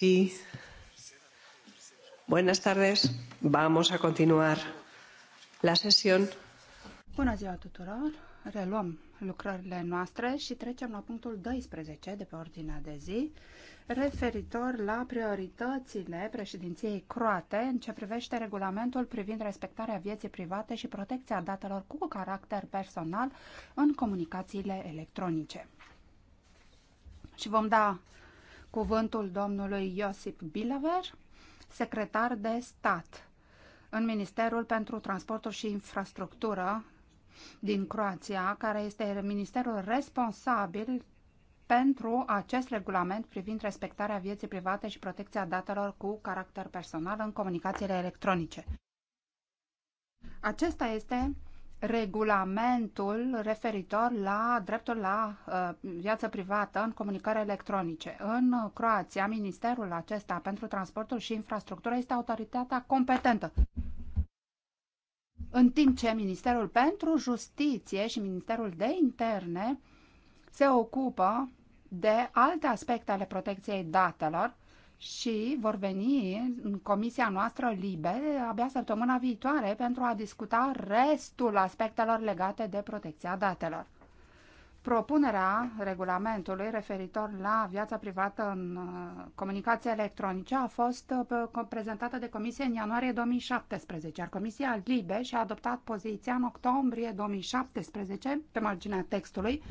Sí. Buenas tardes. Vamos a continuar la sesión. Bună ziua tuturor! Reluăm lucrările noastre și trecem la punctul 12 de pe ordinea de zi, referitor la prioritățile președinției croate în ce privește regulamentul privind respectarea vieții private și protecția datelor cu caracter personal în comunicațiile electronice. Și vom da cuvântul domnului Iosip Bilaver, secretar de stat în Ministerul pentru Transportul și Infrastructură din Croația, care este ministerul responsabil pentru acest regulament privind respectarea vieții private și protecția datelor cu caracter personal în comunicațiile electronice. Acesta este regulamentul referitor la dreptul la uh, viață privată în comunicare electronice. În Croația, Ministerul acesta pentru Transportul și Infrastructură este autoritatea competentă. În timp ce Ministerul pentru Justiție și Ministerul de Interne se ocupă de alte aspecte ale protecției datelor, și vor veni în comisia noastră libe abia săptămâna viitoare pentru a discuta restul aspectelor legate de protecția datelor. Propunerea regulamentului referitor la viața privată în uh, comunicații electronice a fost uh, prezentată de Comisie în ianuarie 2017, iar Comisia Libe și-a adoptat poziția în octombrie 2017 pe marginea textului,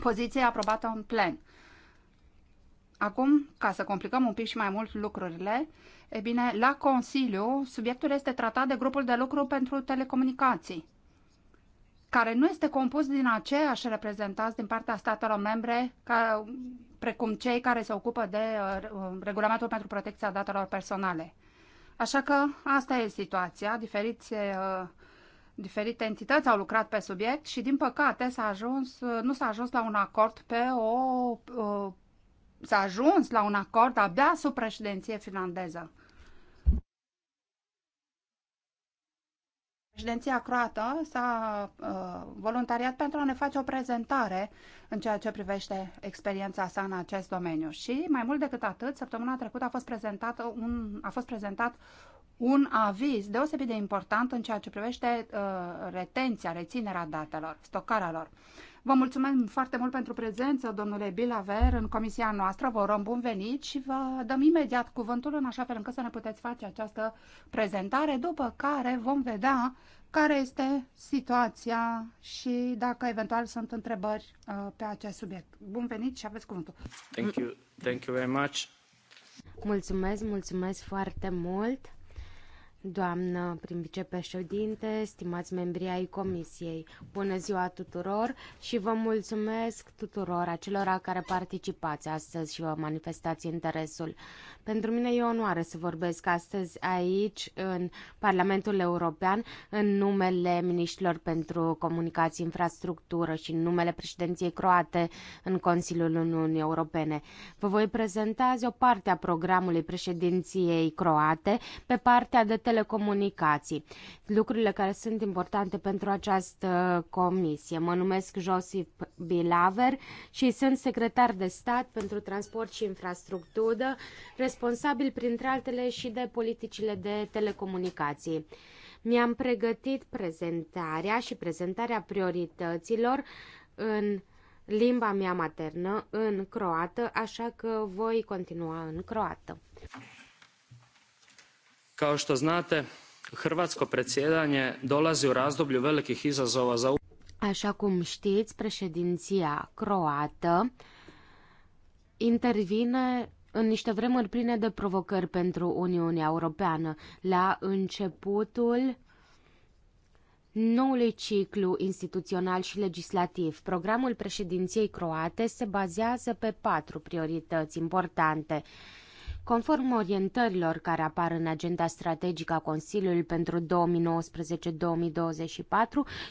poziție aprobată în plen. Acum, ca să complicăm un pic și mai mult lucrurile, e bine, la Consiliu subiectul este tratat de grupul de lucru pentru telecomunicații, care nu este compus din aceiași reprezentanți din partea statelor membre, ca, precum cei care se ocupă de uh, regulamentul pentru protecția datelor personale. Așa că asta e situația, diferiți uh, diferite entități au lucrat pe subiect și, din păcate, s-a ajuns, uh, nu s-a ajuns la un acord pe o, o uh, s-a ajuns la un acord abia sub președinție finlandeză. Președinția croată s-a uh, voluntariat pentru a ne face o prezentare în ceea ce privește experiența sa în acest domeniu. Și mai mult decât atât, săptămâna trecută a fost prezentat un, a fost prezentat un aviz deosebit de important în ceea ce privește uh, retenția, reținerea datelor, stocarea lor. Uh, Vă mulțumim foarte mult pentru prezență, domnule Bilaver, în comisia noastră. Vă urăm bun venit și vă dăm imediat cuvântul în așa fel încât să ne puteți face această prezentare, după care vom vedea care este situația și dacă eventual sunt întrebări uh, pe acest subiect. Bun venit și aveți cuvântul. Thank you. Thank you very much. Mulțumesc, mulțumesc foarte mult. Doamnă prim vicepreședinte, stimați membri ai Comisiei, bună ziua tuturor și vă mulțumesc tuturor acelora care participați astăzi și vă manifestați interesul. Pentru mine e onoare să vorbesc astăzi aici, în Parlamentul European, în numele Ministrilor pentru Comunicații, Infrastructură și în numele președinției croate în Consiliul Uniunii Europene. Vă voi prezenta azi o parte a programului președinției croate pe partea de telecomunicații, lucrurile care sunt importante pentru această comisie. Mă numesc Josip Bilaver și sunt secretar de stat pentru transport și infrastructură, responsabil printre altele și de politicile de telecomunicații. Mi-am pregătit prezentarea și prezentarea priorităților în limba mea maternă, în croată, așa că voi continua în croată kao što znate hrvatsko predsjedanje dolazi u razdoblju velikih izazova za Așa cum știți, președinția croată intervine în niște vremuri pline de provocări pentru Uniunea Europeană. La începutul noului ciclu instituțional și legislativ. Programul președinției croate se bazează pe patru priorități importante. Conform orientărilor care apar în agenda strategică a Consiliului pentru 2019-2024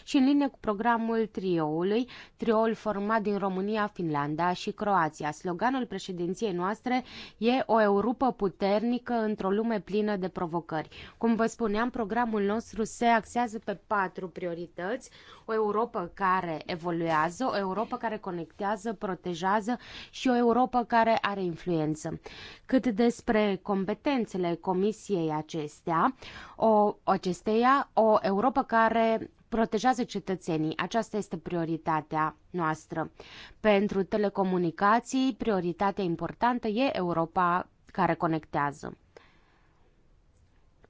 și în linie cu programul trioului, trioul format din România, Finlanda și Croația. Sloganul președinției noastre e o Europa puternică într-o lume plină de provocări. Cum vă spuneam, programul nostru se axează pe patru priorități. O Europa care evoluează, o Europa care conectează, protejează și o Europa care are influență. Cât de despre competențele comisiei acestea, o, acesteia, o Europa care protejează cetățenii. Aceasta este prioritatea noastră. Pentru telecomunicații, prioritatea importantă e Europa care conectează.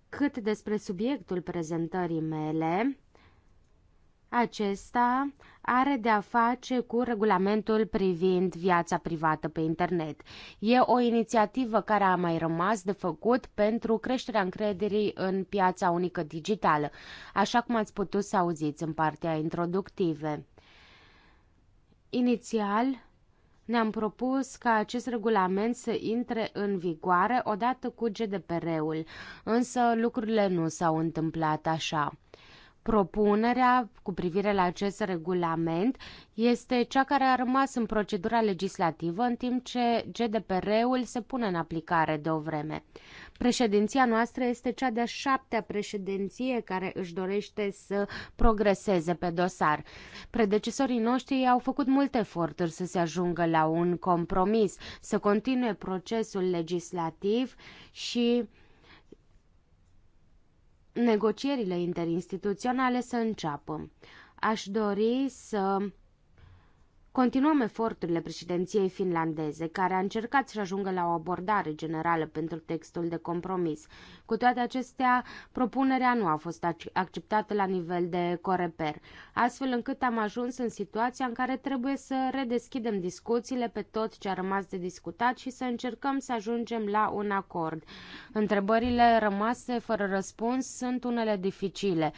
Cât despre subiectul prezentării mele, acesta are de-a face cu regulamentul privind viața privată pe internet. E o inițiativă care a mai rămas de făcut pentru creșterea încrederii în piața unică digitală, așa cum ați putut să auziți în partea introductive. Inițial, ne-am propus ca acest regulament să intre în vigoare odată cu GDPR-ul, însă lucrurile nu s-au întâmplat așa. Propunerea cu privire la acest regulament este cea care a rămas în procedura legislativă în timp ce GDPR-ul se pune în aplicare de o vreme. Președinția noastră este cea de-a șaptea președinție care își dorește să progreseze pe dosar. Predecesorii noștri au făcut multe eforturi să se ajungă la un compromis, să continue procesul legislativ și negocierile interinstituționale să înceapă. Aș dori să Continuăm eforturile președinției finlandeze, care a încercat să ajungă la o abordare generală pentru textul de compromis. Cu toate acestea, propunerea nu a fost acceptată la nivel de coreper, astfel încât am ajuns în situația în care trebuie să redeschidem discuțiile pe tot ce a rămas de discutat și să încercăm să ajungem la un acord. Întrebările rămase fără răspuns sunt unele dificile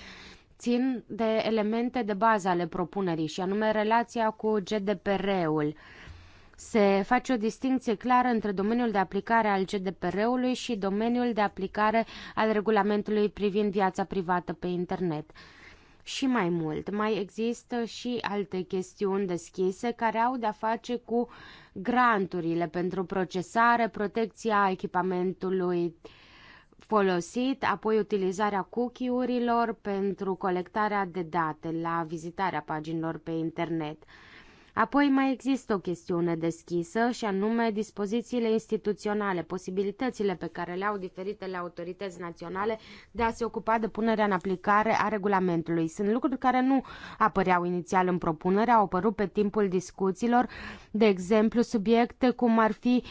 țin de elemente de bază ale propunerii și anume relația cu GDPR-ul. Se face o distinție clară între domeniul de aplicare al GDPR-ului și domeniul de aplicare al regulamentului privind viața privată pe internet. Și mai mult, mai există și alte chestiuni deschise care au de-a face cu granturile pentru procesare, protecția echipamentului uh, folosit, apoi utilizarea cookie-urilor pentru colectarea de date la vizitarea paginilor pe internet. Apoi mai există o chestiune deschisă și anume dispozițiile instituționale, posibilitățile pe care le au diferitele autorități naționale de a se ocupa de punerea în aplicare a regulamentului. Sunt lucruri care nu apăreau inițial în propunere, au apărut pe timpul discuțiilor, de exemplu subiecte cum ar fi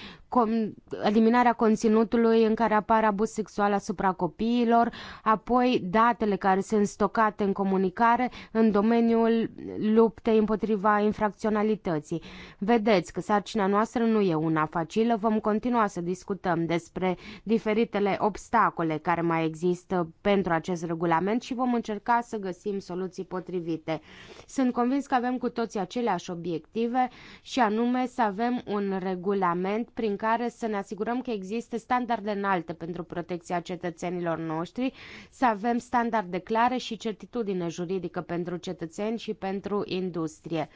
eliminarea conținutului în care apare abuz sexual asupra copiilor, apoi datele care sunt stocate în comunicare în domeniul luptei împotriva infracționalității. Vedeți că sarcina noastră nu e una facilă, vom continua să discutăm despre diferitele obstacole care mai există pentru acest regulament și vom încerca să găsim soluții potrivite. Sunt convins că avem cu toții aceleași obiective și anume să avem un regulament prin care care să ne asigurăm că există standarde înalte pentru protecția cetățenilor noștri, să avem standarde clare și certitudine juridică pentru cetățeni și pentru industrie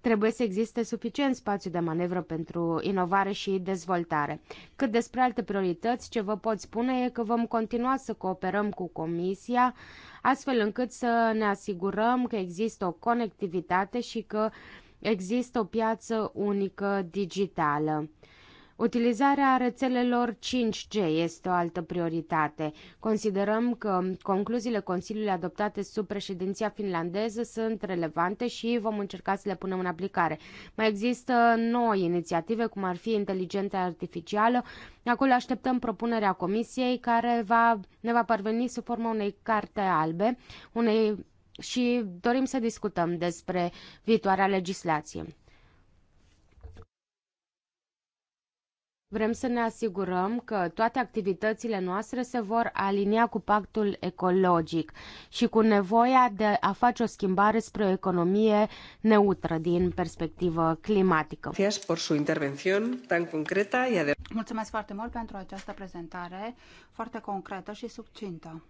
trebuie să existe suficient spațiu de manevră pentru inovare și dezvoltare. Cât despre alte priorități, ce vă pot spune e că vom continua să cooperăm cu Comisia, astfel încât să ne asigurăm că există o conectivitate și că există o piață unică digitală. Utilizarea rețelelor 5G este o altă prioritate. Considerăm că concluziile Consiliului adoptate sub președinția finlandeză sunt relevante și vom încerca să le punem în aplicare. Mai există noi inițiative, cum ar fi inteligența artificială. Acolo așteptăm propunerea Comisiei care va, ne va parveni sub forma unei carte albe unei, și dorim să discutăm despre viitoarea legislație. Vrem să ne asigurăm că toate activitățile noastre se vor alinia cu pactul ecologic și cu nevoia de a face o schimbare spre o economie neutră din perspectivă climatică. Mulțumesc foarte mult pentru această prezentare foarte concretă și subțintă.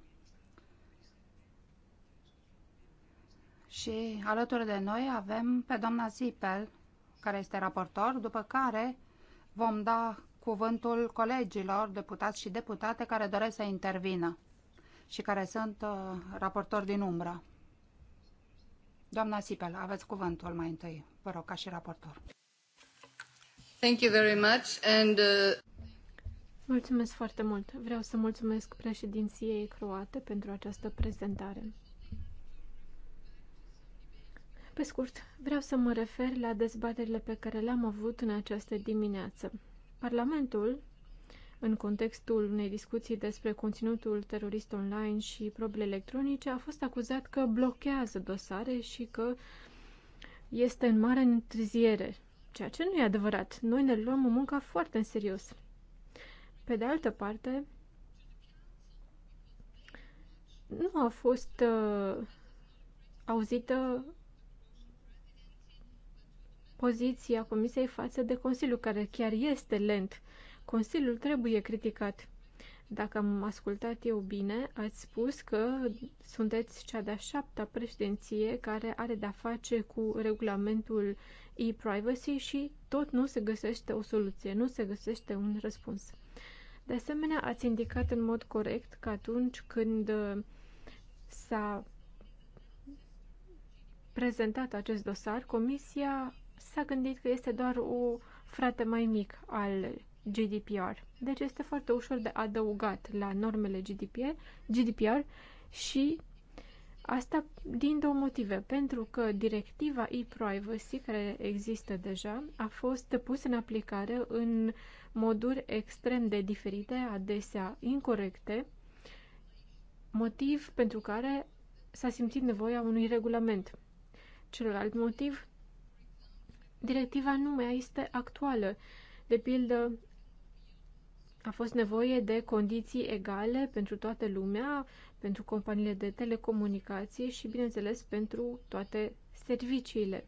Și alături de noi avem pe doamna Zipel, care este raportor, după care vom da cuvântul colegilor, deputați și deputate care doresc să intervină și care sunt uh, raportori din umbră. Doamna Sipel, aveți cuvântul mai întâi, vă rog, ca și raportor. Thank you very much and, uh... Mulțumesc foarte mult. Vreau să mulțumesc președinției croate pentru această prezentare. Pe scurt, vreau să mă refer la dezbaterile pe care le-am avut în această dimineață. Parlamentul, în contextul unei discuții despre conținutul terorist online și probele electronice, a fost acuzat că blochează dosare și că este în mare întârziere, ceea ce nu e adevărat. Noi ne luăm munca foarte în serios. Pe de altă parte, nu a fost uh, auzită poziția Comisiei față de Consiliu, care chiar este lent. Consiliul trebuie criticat. Dacă am ascultat eu bine, ați spus că sunteți cea de-a șapta președinție care are de-a face cu regulamentul e-privacy și tot nu se găsește o soluție, nu se găsește un răspuns. De asemenea, ați indicat în mod corect că atunci când uh, s-a prezentat acest dosar, Comisia s-a gândit că este doar o frate mai mic al GDPR. Deci este foarte ușor de adăugat la normele GDPR, GDPR și asta din două motive. Pentru că directiva e-privacy care există deja a fost pusă în aplicare în moduri extrem de diferite, adesea incorrecte, motiv pentru care s-a simțit nevoia unui regulament. Celălalt motiv directiva nu mai este actuală. De pildă, a fost nevoie de condiții egale pentru toată lumea, pentru companiile de telecomunicații și, bineînțeles, pentru toate serviciile.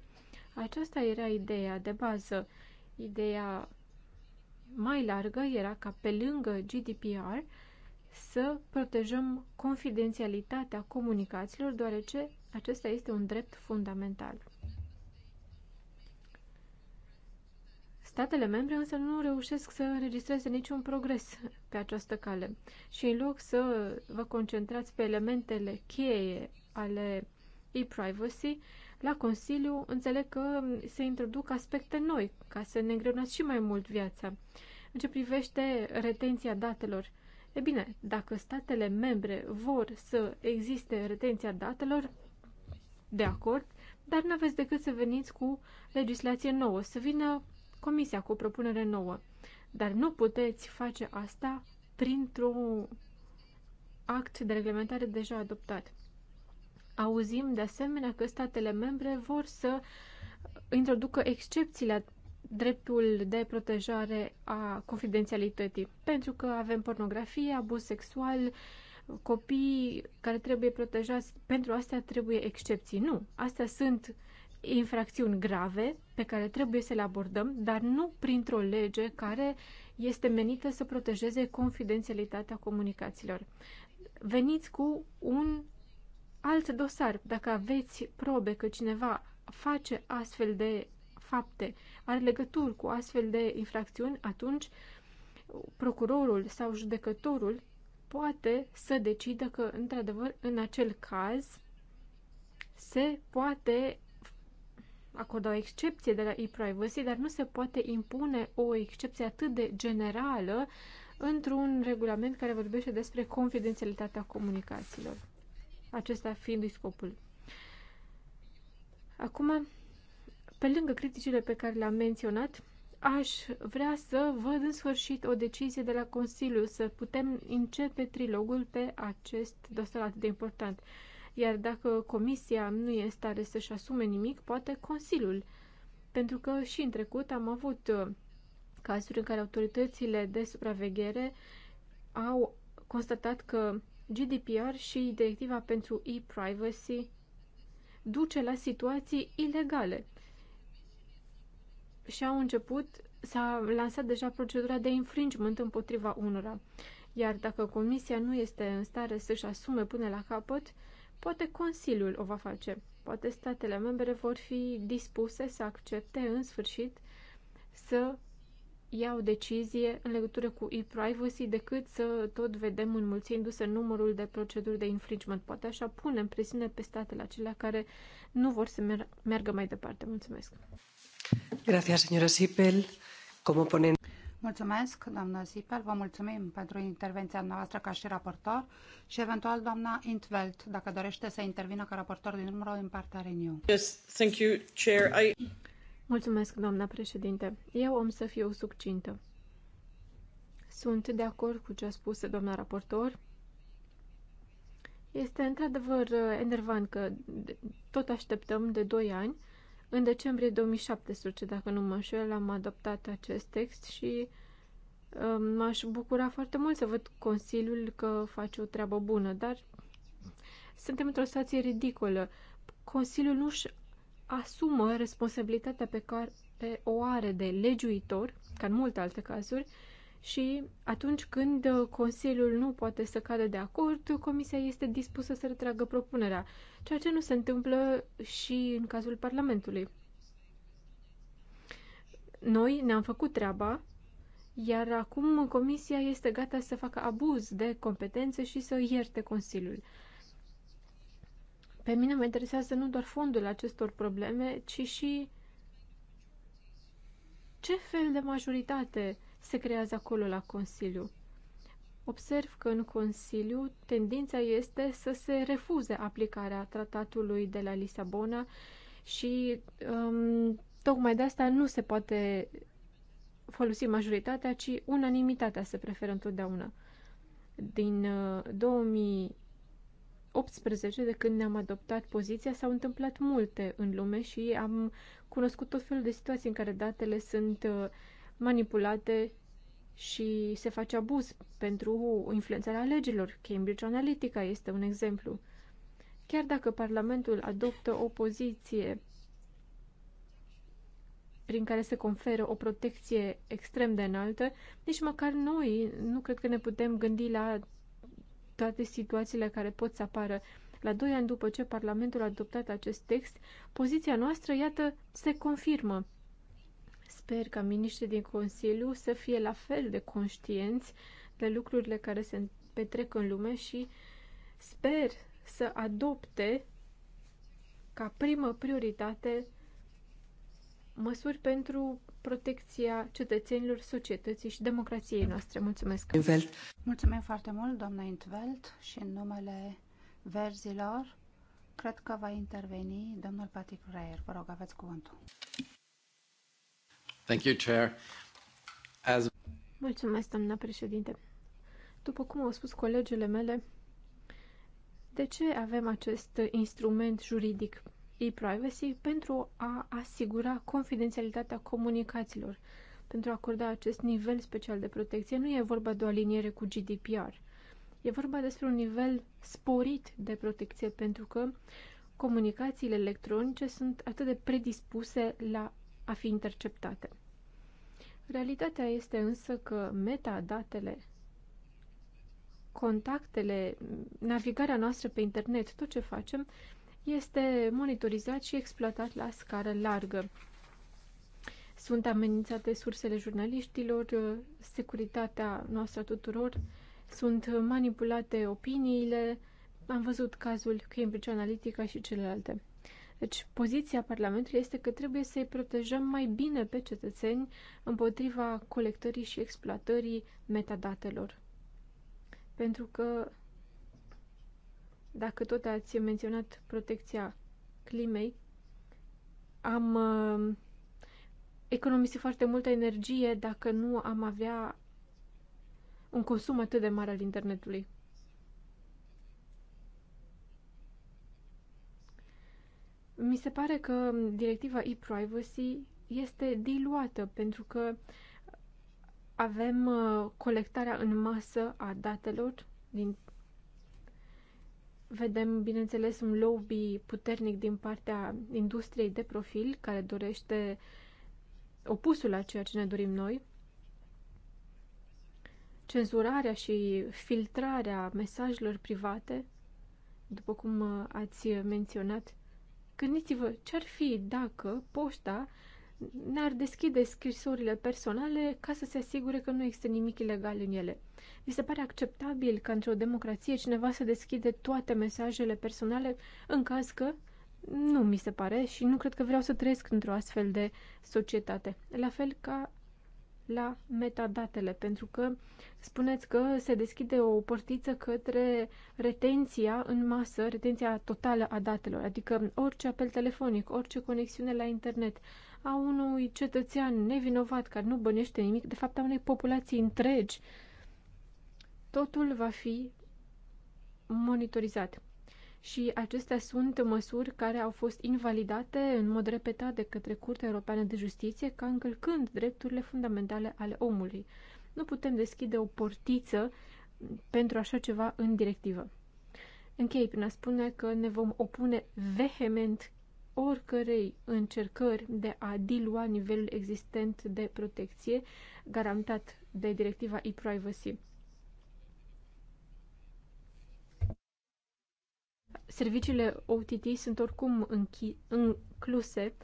Aceasta era ideea de bază. Ideea mai largă era ca pe lângă GDPR să protejăm confidențialitatea comunicațiilor, deoarece acesta este un drept fundamental. Statele membre însă nu reușesc să înregistreze niciun progres pe această cale și în loc să vă concentrați pe elementele cheie ale e-privacy, la Consiliu înțeleg că se introduc aspecte noi ca să ne îngreunați și mai mult viața. În ce privește retenția datelor, e bine, dacă statele membre vor să existe retenția datelor, de acord, dar nu aveți decât să veniți cu legislație nouă, să vină Comisia cu o propunere nouă. Dar nu puteți face asta printr-un act de reglementare deja adoptat. Auzim de asemenea că statele membre vor să introducă excepții la dreptul de protejare a confidențialității, pentru că avem pornografie, abuz sexual, copii care trebuie protejați, pentru astea trebuie excepții. Nu, astea sunt infracțiuni grave pe care trebuie să le abordăm, dar nu printr-o lege care este menită să protejeze confidențialitatea comunicațiilor. Veniți cu un alt dosar. Dacă aveți probe că cineva face astfel de fapte, are legături cu astfel de infracțiuni, atunci procurorul sau judecătorul poate să decidă că, într-adevăr, în acel caz se poate acorda o excepție de la e-privacy, dar nu se poate impune o excepție atât de generală într-un regulament care vorbește despre confidențialitatea comunicațiilor. Acesta fiind scopul. Acum, pe lângă criticile pe care le-am menționat, aș vrea să văd în sfârșit o decizie de la Consiliu, să putem începe trilogul pe acest dosar atât de important. Iar dacă Comisia nu e în stare să-și asume nimic, poate Consiliul. Pentru că și în trecut am avut uh, cazuri în care autoritățile de supraveghere au constatat că GDPR și directiva pentru e-privacy duce la situații ilegale. Și au început, s-a lansat deja procedura de infringement împotriva unora. Iar dacă comisia nu este în stare să-și asume până la capăt, Poate Consiliul o va face, poate statele membre vor fi dispuse să accepte în sfârșit să ia o decizie în legătură cu e-privacy decât să tot vedem înmulțindu-se numărul de proceduri de infringement. Poate așa punem presiune pe statele acelea care nu vor să meargă mai departe. Mulțumesc! Gracias, señora Sipel. Como ponen... Mulțumesc, doamnă Zipel, vă mulțumim pentru intervenția noastră ca și raportor și eventual doamna Intveld, dacă dorește să intervină ca raportor din urmă din partea Renew. Yes, thank you, Chair. I... Mulțumesc, doamna președinte. Eu am să fiu succintă. Sunt de acord cu ce a spus doamna raportor. Este într-adevăr eh, enervant că tot așteptăm de 2 ani în decembrie 2017, dacă nu mă înșel, am adoptat acest text și um, m-aș bucura foarte mult să văd Consiliul că face o treabă bună, dar suntem într-o situație ridicolă. Consiliul nu își asumă responsabilitatea pe care o are de legiuitor, ca în multe alte cazuri, și atunci când Consiliul nu poate să cadă de acord, Comisia este dispusă să retragă propunerea ceea ce nu se întâmplă și în cazul Parlamentului. Noi ne-am făcut treaba, iar acum Comisia este gata să facă abuz de competențe și să ierte Consiliul. Pe mine mă interesează nu doar fondul acestor probleme, ci și ce fel de majoritate se creează acolo la Consiliu observ că în Consiliu tendința este să se refuze aplicarea tratatului de la Lisabona și um, tocmai de asta nu se poate folosi majoritatea, ci unanimitatea se preferă întotdeauna. Din uh, 2018, de când ne-am adoptat poziția, s-au întâmplat multe în lume și am cunoscut tot felul de situații în care datele sunt uh, manipulate și se face abuz pentru influențarea legilor. Cambridge Analytica este un exemplu. Chiar dacă Parlamentul adoptă o poziție prin care se conferă o protecție extrem de înaltă, nici măcar noi nu cred că ne putem gândi la toate situațiile care pot să apară. La doi ani după ce Parlamentul a adoptat acest text, poziția noastră, iată, se confirmă. Sper ca miniștrii din Consiliu să fie la fel de conștienți de lucrurile care se petrec în lume și sper să adopte ca primă prioritate măsuri pentru protecția cetățenilor, societății și democrației noastre. Mulțumesc! Invelt. Mulțumim foarte mult, doamna Intveld, și în numele verzilor, cred că va interveni domnul Patrick Reier. Vă rog, aveți cuvântul. Thank you, Chair. As... Mulțumesc, doamna președinte. După cum au spus colegele mele, de ce avem acest instrument juridic e-privacy? Pentru a asigura confidențialitatea comunicațiilor, pentru a acorda acest nivel special de protecție. Nu e vorba de o aliniere cu GDPR. E vorba despre un nivel sporit de protecție, pentru că comunicațiile electronice sunt atât de predispuse la a fi interceptate. Realitatea este însă că metadatele, contactele, navigarea noastră pe internet, tot ce facem, este monitorizat și exploatat la scară largă. Sunt amenințate sursele jurnaliștilor, securitatea noastră tuturor, sunt manipulate opiniile. Am văzut cazul Cambridge Analytica și celelalte. Deci, poziția Parlamentului este că trebuie să-i protejăm mai bine pe cetățeni împotriva colectării și exploatării metadatelor. Pentru că, dacă tot ați menționat protecția climei, am uh, economisit foarte multă energie dacă nu am avea un consum atât de mare al internetului. Mi se pare că directiva e-privacy este diluată pentru că avem uh, colectarea în masă a datelor din Vedem, bineînțeles, un lobby puternic din partea industriei de profil care dorește opusul la ceea ce ne dorim noi. Cenzurarea și filtrarea mesajelor private, după cum uh, ați menționat, Gândiți-vă ce-ar fi dacă poșta ne-ar deschide scrisorile personale ca să se asigure că nu există nimic ilegal în ele. Vi se pare acceptabil că într-o democrație cineva să deschide toate mesajele personale în caz că nu mi se pare și nu cred că vreau să trăiesc într-o astfel de societate. La fel ca la metadatele, pentru că spuneți că se deschide o portiță către retenția în masă, retenția totală a datelor, adică orice apel telefonic, orice conexiune la internet a unui cetățean nevinovat care nu bănește nimic, de fapt a unei populații întregi, totul va fi monitorizat și acestea sunt măsuri care au fost invalidate în mod repetat de către Curtea Europeană de Justiție ca încălcând drepturile fundamentale ale omului. Nu putem deschide o portiță pentru așa ceva în directivă. Închei prin a spune că ne vom opune vehement oricărei încercări de a dilua nivelul existent de protecție garantat de directiva e-privacy. serviciile OTT sunt oricum închi- incluse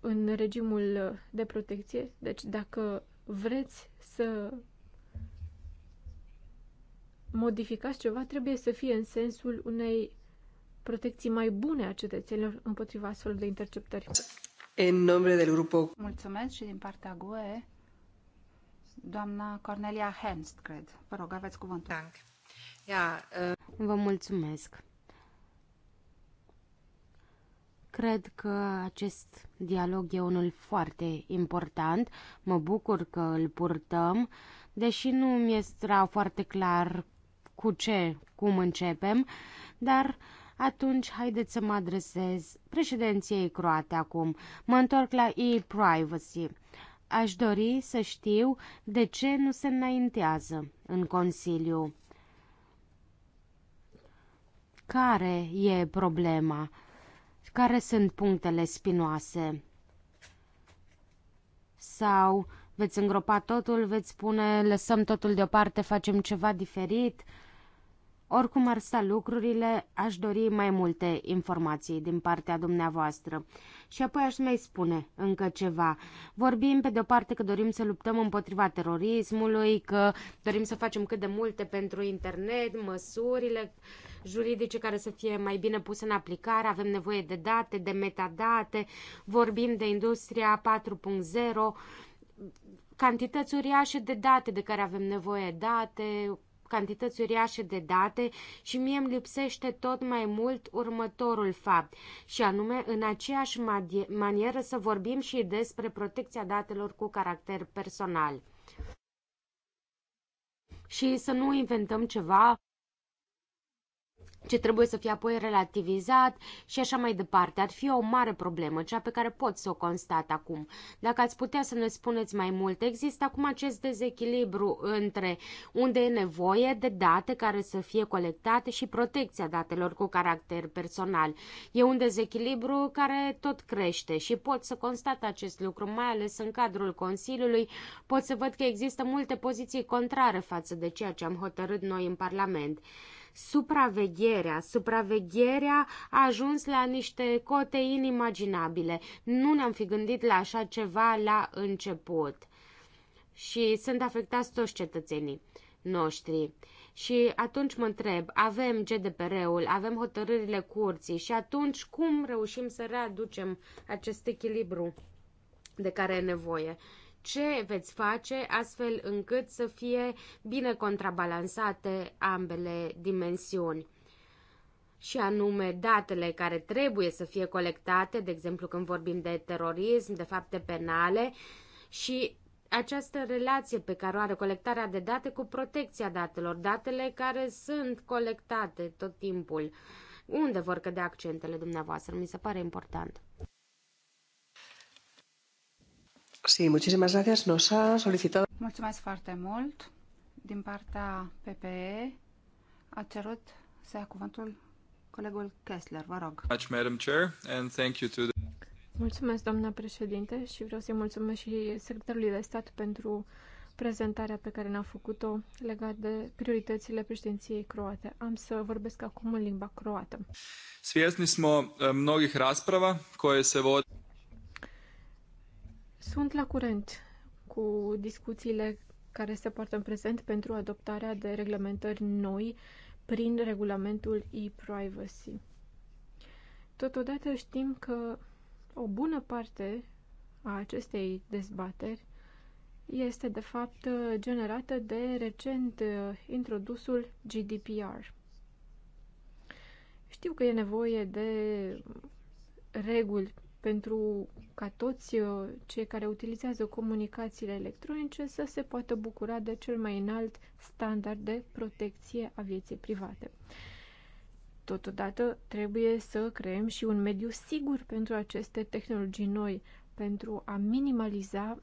în regimul de protecție. Deci dacă vreți să modificați ceva, trebuie să fie în sensul unei protecții mai bune a cetățenilor împotriva astfel de interceptări. În numele del grupo... Mulțumesc și din partea GUE, doamna Cornelia Henst, cred. Vă rog, aveți cuvântul. Dank. Ja, uh... Vă mulțumesc. Cred că acest dialog e unul foarte important. Mă bucur că îl purtăm, deși nu mi era foarte clar cu ce, cum începem, dar atunci haideți să mă adresez președinției croate acum. Mă întorc la e-privacy. Aș dori să știu de ce nu se înaintează în Consiliu. Care e problema? care sunt punctele spinoase. Sau veți îngropa totul, veți spune lăsăm totul deoparte, facem ceva diferit, oricum ar sta lucrurile, aș dori mai multe informații din partea dumneavoastră. Și apoi aș mai spune încă ceva. Vorbim pe de-o parte că dorim să luptăm împotriva terorismului, că dorim să facem cât de multe pentru internet, măsurile juridice care să fie mai bine puse în aplicare, avem nevoie de date, de metadate, vorbim de industria 4.0, cantități uriașe de date de care avem nevoie, date cantități uriașe de date și mie îmi lipsește tot mai mult următorul fapt, și anume în aceeași manieră să vorbim și despre protecția datelor cu caracter personal. Și să nu inventăm ceva ce trebuie să fie apoi relativizat și așa mai departe. Ar fi o mare problemă, cea pe care pot să o constat acum. Dacă ați putea să ne spuneți mai mult, există acum acest dezechilibru între unde e nevoie de date care să fie colectate și protecția datelor cu caracter personal. E un dezechilibru care tot crește și pot să constat acest lucru, mai ales în cadrul Consiliului. Pot să văd că există multe poziții contrare față de ceea ce am hotărât noi în Parlament. Supravegherea. Supravegherea a ajuns la niște cote inimaginabile. Nu ne-am fi gândit la așa ceva la început. Și sunt afectați toți cetățenii noștri. Și atunci mă întreb, avem GDPR-ul, avem hotărârile curții și atunci cum reușim să readucem acest echilibru de care e nevoie? ce veți face astfel încât să fie bine contrabalansate ambele dimensiuni și anume datele care trebuie să fie colectate, de exemplu când vorbim de terorism, de fapte penale și această relație pe care o are colectarea de date cu protecția datelor, datele care sunt colectate tot timpul. Unde vor cădea accentele dumneavoastră? Mi se pare important. Sí, muchísimas gracias. Nos ha solicitado... Mulțumesc foarte mult. Din partea PPE a cerut să ia cuvântul colegul Kessler. Vă rog. Mulțumesc, doamna președinte, și vreau să-i mulțumesc și secretarului de stat pentru prezentarea pe care ne-a făcut-o legat de prioritățile președinției croate. Am să vorbesc acum în limba croată. Svjesni smo eh, mnogih rasprava koje se vode sunt la curent cu discuțiile care se poartă în prezent pentru adoptarea de reglementări noi prin regulamentul e-privacy. Totodată știm că o bună parte a acestei dezbateri este de fapt generată de recent uh, introdusul GDPR. Știu că e nevoie de reguli pentru ca toți uh, cei care utilizează comunicațiile electronice să se poată bucura de cel mai înalt standard de protecție a vieții private. Totodată trebuie să creăm și un mediu sigur pentru aceste tehnologii noi, pentru a minimaliza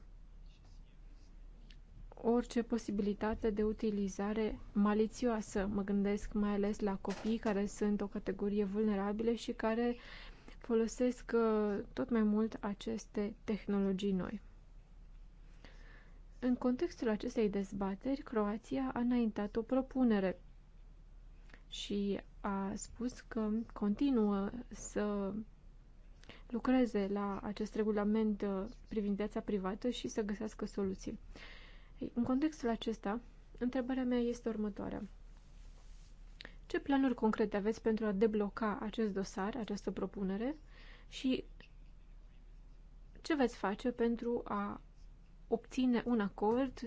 orice posibilitate de utilizare malițioasă. Mă gândesc mai ales la copii care sunt o categorie vulnerabile și care uh, folosesc uh, tot mai mult aceste tehnologii noi. În contextul acestei dezbateri, Croația a înaintat o propunere și a spus că continuă să lucreze la acest regulament uh, privind viața privată și să găsească soluții. În contextul acesta, întrebarea mea este următoarea. Ce planuri concrete aveți pentru a debloca acest dosar, această propunere și ce veți face pentru a obține un acord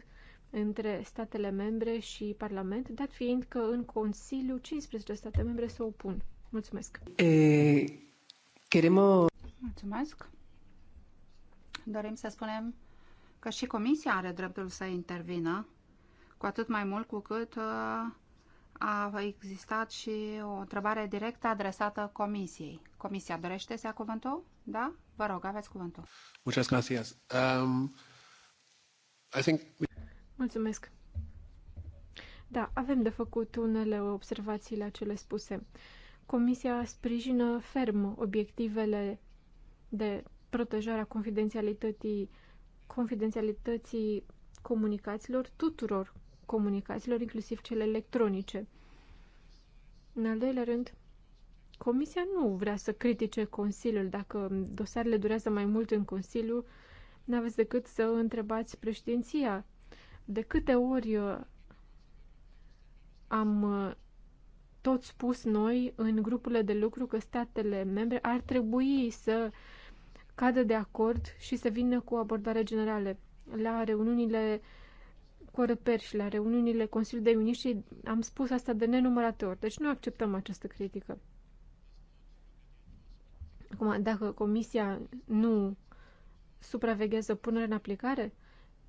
între statele membre și Parlament, dat fiind că în Consiliu 15 state membre se opun. Mulțumesc! E, queremo... Mulțumesc! Dorim să spunem că și Comisia are dreptul să intervină, cu atât mai mult cu cât uh, a existat și o întrebare directă adresată Comisiei. Comisia dorește să ia cuvântul? Da? Vă rog, aveți cuvântul. Mulțumesc, gracias. Um, I think... Mulțumesc. Da, avem de făcut unele observații la spuse. Comisia sprijină ferm obiectivele de protejarea confidențialității, confidențialității comunicațiilor tuturor comunicațiilor, inclusiv cele electronice. În al doilea rând, Comisia nu vrea să critique Consiliul. Dacă dosarele durează mai mult în Consiliu, n-aveți decât să întrebați președinția. De câte ori uh, am uh, tot spus noi în grupurile de lucru că statele membre ar trebui să cadă de acord și să vină cu abordare generală. La reuniunile uh, Coreper și la reuniunile Consiliului de Miniștri am spus asta de nenumărate ori, deci nu acceptăm această critică. Acum, dacă Comisia nu supraveghează punerea în aplicare,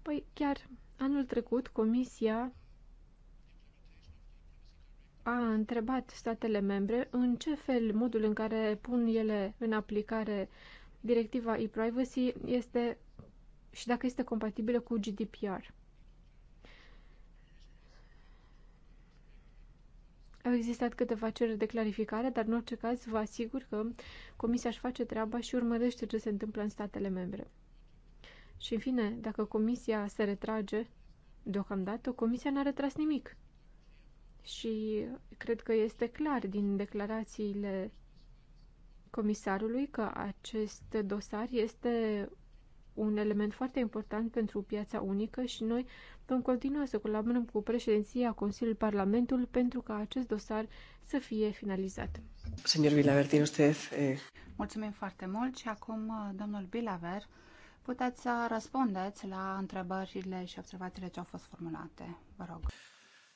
păi chiar anul trecut Comisia a întrebat statele membre în ce fel modul în care pun ele în aplicare directiva e-privacy este și dacă este compatibilă cu GDPR. Au existat câteva cereri de clarificare, dar în orice caz vă asigur că Comisia își face treaba și urmărește ce se întâmplă în statele membre. Și în fine, dacă Comisia se retrage, deocamdată Comisia n-a retras nimic. Și cred că este clar din declarațiile comisarului că acest dosar este un element foarte important pentru piața unică și noi vom continua să colaborăm cu președinția Consiliului Parlamentul pentru ca acest dosar să fie finalizat. Señor Bilaver, tiene usted... Eh... Mulțumim foarte mult și acum, uh, domnul Bilaver, puteți să răspundeți la întrebările și observațiile ce au fost formulate. Vă rog.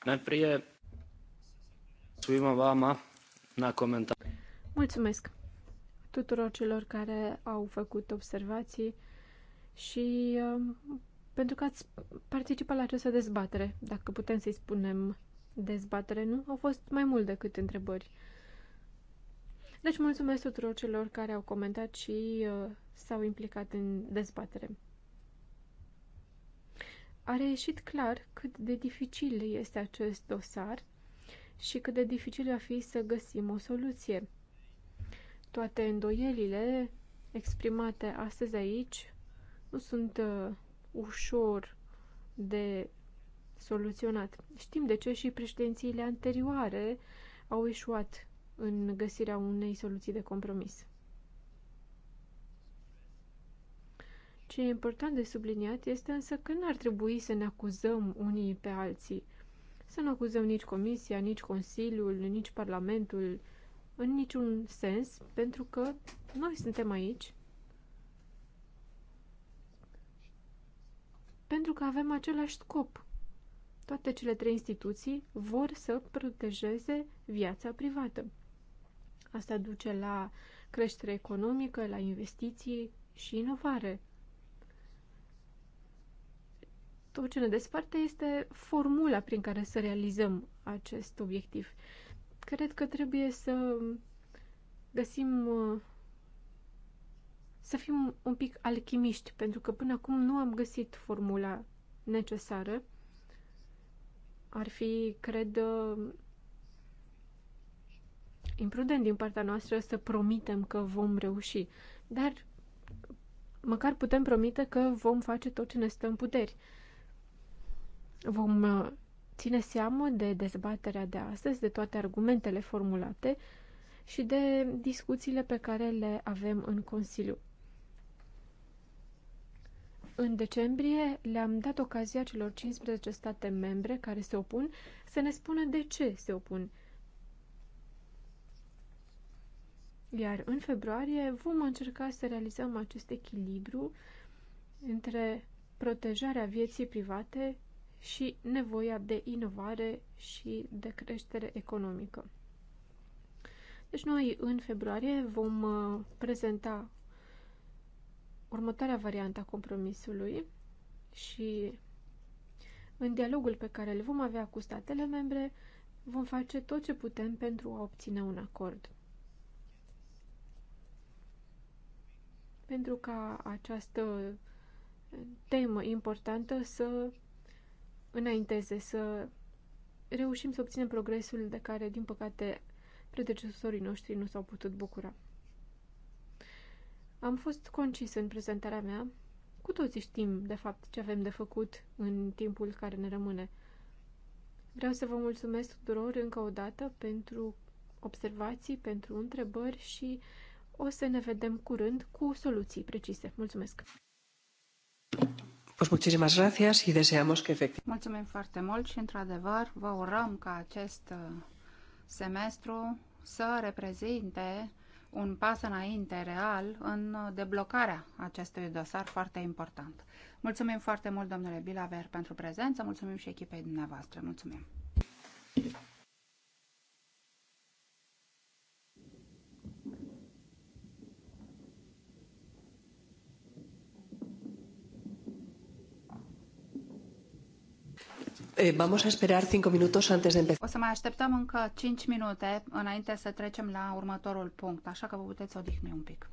Najprije, vama na Mulțumesc tuturor celor care au făcut observații și um, pentru că ați participat la această dezbatere, dacă putem să-i spunem dezbatere, nu? Au fost mai mult decât întrebări. Deci mulțumesc tuturor celor care au comentat și uh, s-au implicat în dezbatere. A reieșit clar cât de dificil este acest dosar și cât de dificil va fi să găsim o soluție. Toate îndoielile exprimate astăzi aici nu sunt uh, ușor de soluționat. Știm de ce și președințiile anterioare au eșuat în găsirea unei soluții de compromis. Ce e important de subliniat este însă că nu ar trebui să ne acuzăm unii pe alții. Să nu acuzăm nici Comisia, nici Consiliul, nici Parlamentul, în niciun sens, pentru că noi suntem aici pentru că avem același scop. Toate cele trei instituții vor să protejeze viața privată. Asta duce la creștere economică, la investiții și inovare. Tot ce ne desparte este formula prin care să realizăm acest obiectiv. Cred că trebuie să găsim uh, să fim un pic alchimiști, pentru că până acum nu am găsit formula necesară. Ar fi, cred, uh, imprudent din partea noastră să promitem că vom reuși, dar măcar putem promite că vom face tot ce ne stă în puteri. Vom uh, ține seamă de dezbaterea de astăzi, de toate argumentele formulate și de discuțiile pe care le avem în Consiliu. În decembrie le-am dat ocazia celor 15 state membre care se opun să ne spună de ce se opun. Iar în februarie vom încerca să realizăm acest echilibru între protejarea vieții private și nevoia de inovare și de creștere economică. Deci noi în februarie vom uh, prezenta următoarea variantă a compromisului și în dialogul pe care îl vom avea cu statele membre, vom face tot ce putem pentru a obține un acord. Pentru ca această temă importantă să înainteze, să reușim să obținem progresul de care, din păcate, predecesorii noștri nu s-au putut bucura. Am fost concis în prezentarea mea. Cu toții știm, de fapt, ce avem de făcut în timpul care ne rămâne. Vreau să vă mulțumesc tuturor încă o dată pentru observații, pentru întrebări și o să ne vedem curând cu soluții precise. Mulțumesc! Pues muchísimas gracias y deseamos que efectivamente. Mulțumim foarte mult și, într-adevăr, vă urăm ca acest uh, semestru să reprezinte un pas înainte real în deblocarea acestui dosar foarte important. Mulțumim foarte mult, domnule Bilaver, pentru prezență, mulțumim și echipei dumneavoastră. Mulțumim! Eh, vamos a esperar cinco minutos antes de empezar. O să mai așteptăm încă 5 minute înainte să trecem la următorul punct, așa că vă puteți odihni un pic.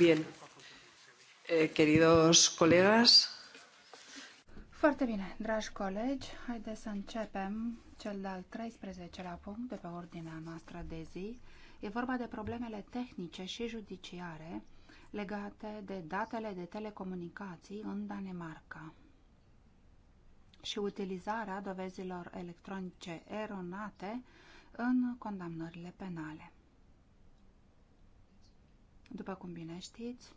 Bien. Eh, queridos colegas. Foarte bine, dragi colegi, haideți să începem cel de-al 13-lea punct de pe ordinea noastră de zi. E vorba de problemele tehnice și judiciare legate de datele de telecomunicații în Danemarca și utilizarea dovezilor electronice eronate în condamnările penale după cum bine știți,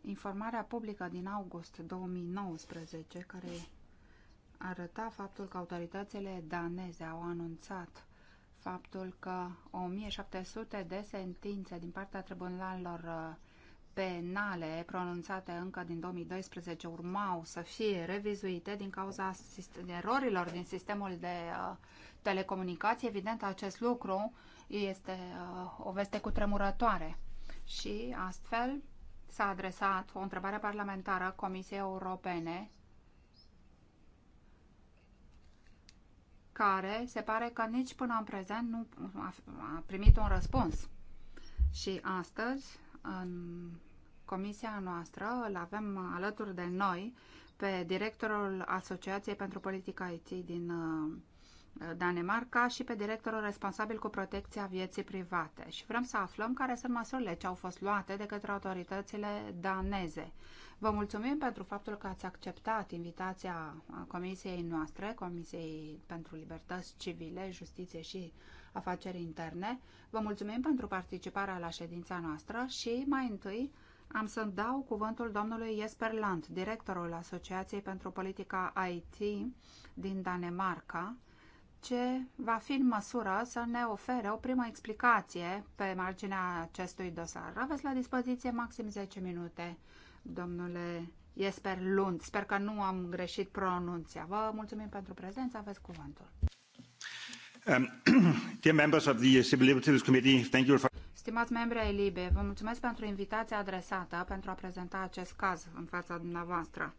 informarea publică din august 2019, care arăta faptul că autoritățile daneze au anunțat faptul că 1700 de sentințe din partea tribunalelor uh, penale pronunțate încă din 2012 urmau să fie revizuite din cauza erorilor din sistemul de uh, telecomunicații. Evident, acest lucru este uh, o veste cu tremurătoare și astfel s-a adresat o întrebare parlamentară Comisiei Europene care se pare că nici până în prezent nu a primit un răspuns. Și astăzi, în comisia noastră, îl avem alături de noi pe directorul Asociației pentru Politica IT din uh, Danemarca și pe directorul responsabil cu protecția vieții private și vrem să aflăm care sunt măsurile ce au fost luate de către autoritățile daneze. Vă mulțumim pentru faptul că ați acceptat invitația comisiei noastre, Comisiei pentru Libertăți Civile, Justiție și Afaceri Interne. Vă mulțumim pentru participarea la ședința noastră și mai întâi am să dau cuvântul domnului Jesper Land, directorul Asociației pentru Politica IT din Danemarca, ce va fi în măsură să ne ofere o primă explicație pe marginea acestui dosar. Aveți la dispoziție maxim 10 minute, domnule Jesper Lund. Sper că nu am greșit pronunția. Vă mulțumim pentru prezență, aveți cuvântul. Um, dear members of the Civil Liberties Committee, thank you for... Stimați membri ai LIBE, vă mulțumesc pentru invitația adresată pentru a prezenta acest caz în fața dumneavoastră.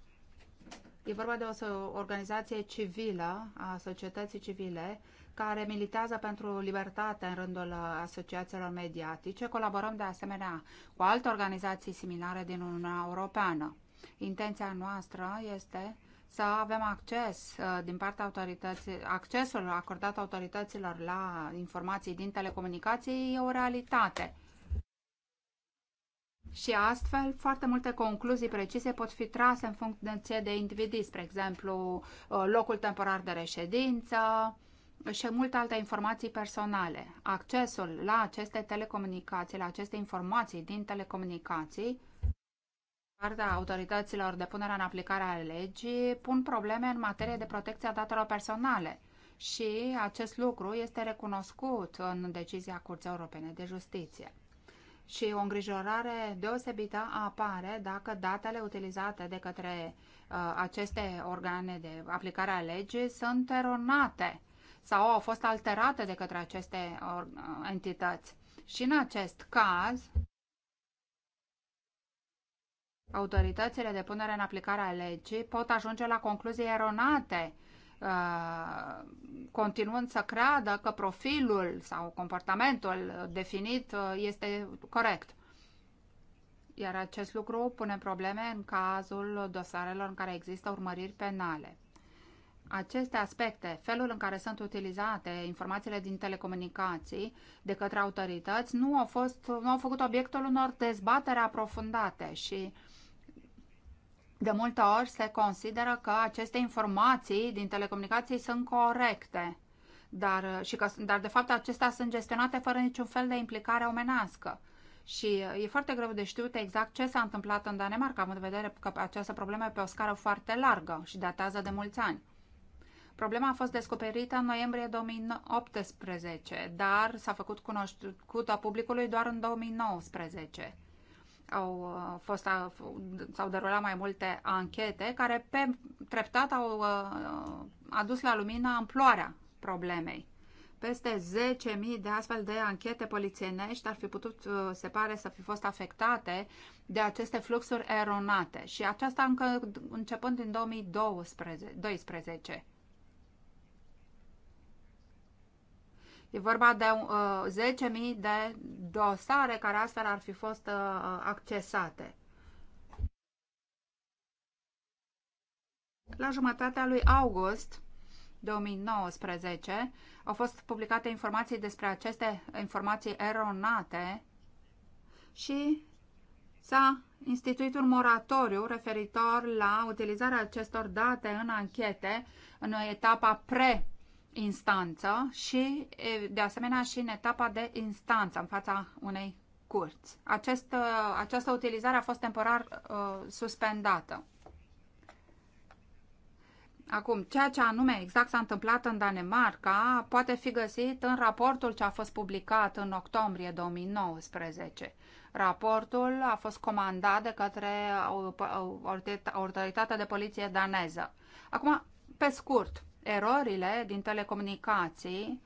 E vorba de o organizație civilă, a societății civile, care militează pentru libertate în rândul uh, asociațiilor mediatice. Colaborăm de asemenea cu alte organizații similare din Uniunea Europeană. Intenția noastră este să avem acces uh, din partea autorității, accesul acordat autorităților la informații din telecomunicații e o realitate. Și astfel, foarte multe concluzii precise pot fi trase în funcție de indivizi, spre exemplu, uh, locul temporar de reședință și multe alte informații personale. Accesul la aceste telecomunicații, la aceste informații din telecomunicații, partea autorităților de punere în aplicare a legii pun probleme în materie de protecția datelor personale și acest lucru este recunoscut în decizia Curții Europene de Justiție și o îngrijorare deosebită apare dacă datele utilizate de către uh, aceste organe de aplicare a legii sunt eronate sau au fost alterate de către aceste uh, entități. Și în acest caz, autoritățile de punere în aplicare a legii pot ajunge la concluzii eronate Uh, continuând să creadă că profilul sau comportamentul definit uh, este corect. Iar acest lucru pune probleme în cazul dosarelor în care există urmăriri penale. Aceste aspecte, felul în care sunt utilizate informațiile din telecomunicații de către autorități, nu au, fost, nu au făcut obiectul unor dezbatere aprofundate și uh, de multe ori se consideră că aceste informații din telecomunicații sunt corecte, dar, uh, și că, dar de fapt acestea sunt gestionate fără niciun fel de implicare omenească. Și uh, e foarte greu de știut exact ce s-a întâmplat în Danemarca, având în vedere că această problemă e pe o scară foarte largă și datează de mulți ani. Problema a fost descoperită în noiembrie 2018, dar s-a făcut cunoscută publicului doar în 2019 au uh, fost, s-au derulat mai multe anchete care pe treptat au uh, uh, adus la lumină amploarea problemei. Peste 10.000 de astfel de anchete polițienești ar fi putut, se pare, să fi fost afectate de aceste fluxuri eronate. Și aceasta încă începând din 2012. E vorba de uh, 10.000 de dosare care astfel ar fi fost uh, accesate. La jumătatea lui august 2019 au fost publicate informații despre aceste informații eronate și s-a instituit un moratoriu referitor la utilizarea acestor date în anchete în etapa pre instanță și, de asemenea, și în etapa de instanță, în fața unei curți. Acest, uh, această utilizare a fost temporar uh, suspendată. Acum, ceea ce anume exact s-a întâmplat în Danemarca poate fi găsit în raportul ce a fost publicat în octombrie 2019. Raportul a fost comandat de către Autoritatea de Poliție daneză. Acum, pe scurt, erorile din telecomunicații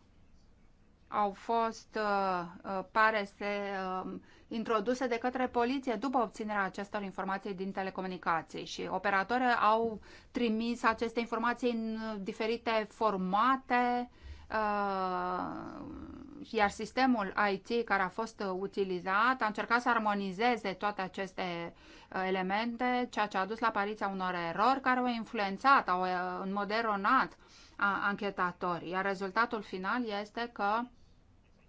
au fost, uh, uh, pare uh, introduse de către poliție după obținerea acestor informații din telecomunicații și operatorii au trimis aceste informații în diferite formate, uh, iar sistemul IT care a fost utilizat a încercat să armonizeze toate aceste elemente, ceea ce a dus la apariția unor erori care au influențat, au în mod eronat anchetatori. Iar rezultatul final este că